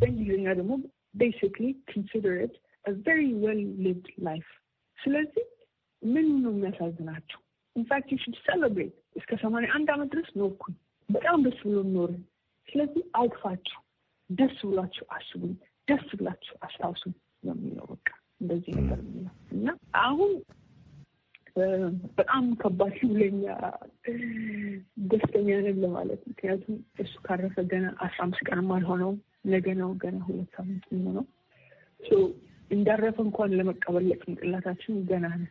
በእንግሊዝኛ ደግሞ ቤሲክሊ ኮንሲደር ኢት አ ዌል ሊቭድ ላይፍ። ስለዚህ ምን ነው የሚያሳዝናቸው? ኢንፋክት ዩ ሹድ ሰለብሬት። እስከ ሰማንያ አንድ ዓመት ድረስ ኖርኩኝ። በጣም ደስ ብሎ ኖር። ስለዚህ አውቅፋችሁ ደስ ብሏችሁ አስቡኝ፣ ደስ ብላችሁ አስታውሱኝ ነው የሚለው። በቃ እንደዚህ ነገር የሚለው እና አሁን በጣም ከባድ ለኛ ደስተኛ ነን ለማለት ምክንያቱም እሱ ካረፈ ገና አስራ አምስት ቀንም አልሆነውም። ነገ ነው ገና ሁለት ሳምንት የሚሆነው እንዳረፈ እንኳን ለመቀበል ለጭንቅላታችን ገና ነን።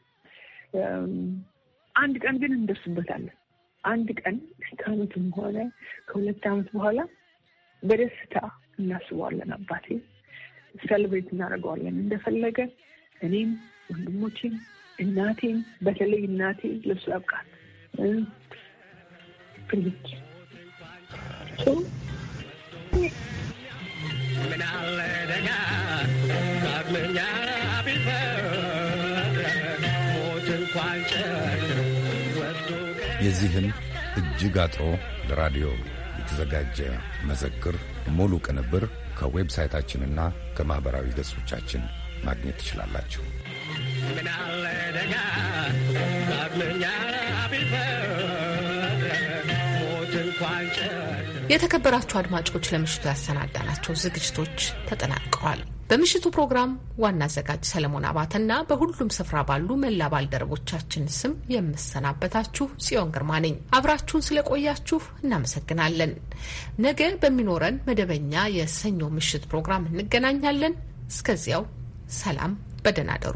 አንድ ቀን ግን እንደርስበታለን። አንድ ቀን ከዓመትም ሆነ ከሁለት አመት በኋላ በደስታ እናስበዋለን። አባቴ ሰልብሬት እናደርገዋለን። እንደፈለገ እኔም ወንድሞቼም እናቴም በተለይ እናቴ ልብስ አብቃት ፍልጅ ምናለ ደጋ የዚህን እጅግ አጥሮ ለራዲዮ የተዘጋጀ መዘክር ሙሉ ቅንብር ከዌብሳይታችንና ከማኅበራዊ ገጾቻችን ማግኘት ትችላላችሁ። ሞት እንኳን የተከበራችሁ አድማጮች ለምሽቱ ያሰናዳናቸው ዝግጅቶች ተጠናቀዋል። በምሽቱ ፕሮግራም ዋና አዘጋጅ ሰለሞን አባተና በሁሉም ስፍራ ባሉ መላ ባልደረቦቻችን ስም የምሰናበታችሁ ጽዮን ግርማ ነኝ። አብራችሁን ስለቆያችሁ እናመሰግናለን። ነገ በሚኖረን መደበኛ የሰኞ ምሽት ፕሮግራም እንገናኛለን። እስከዚያው ሰላም፣ በደህና እደሩ።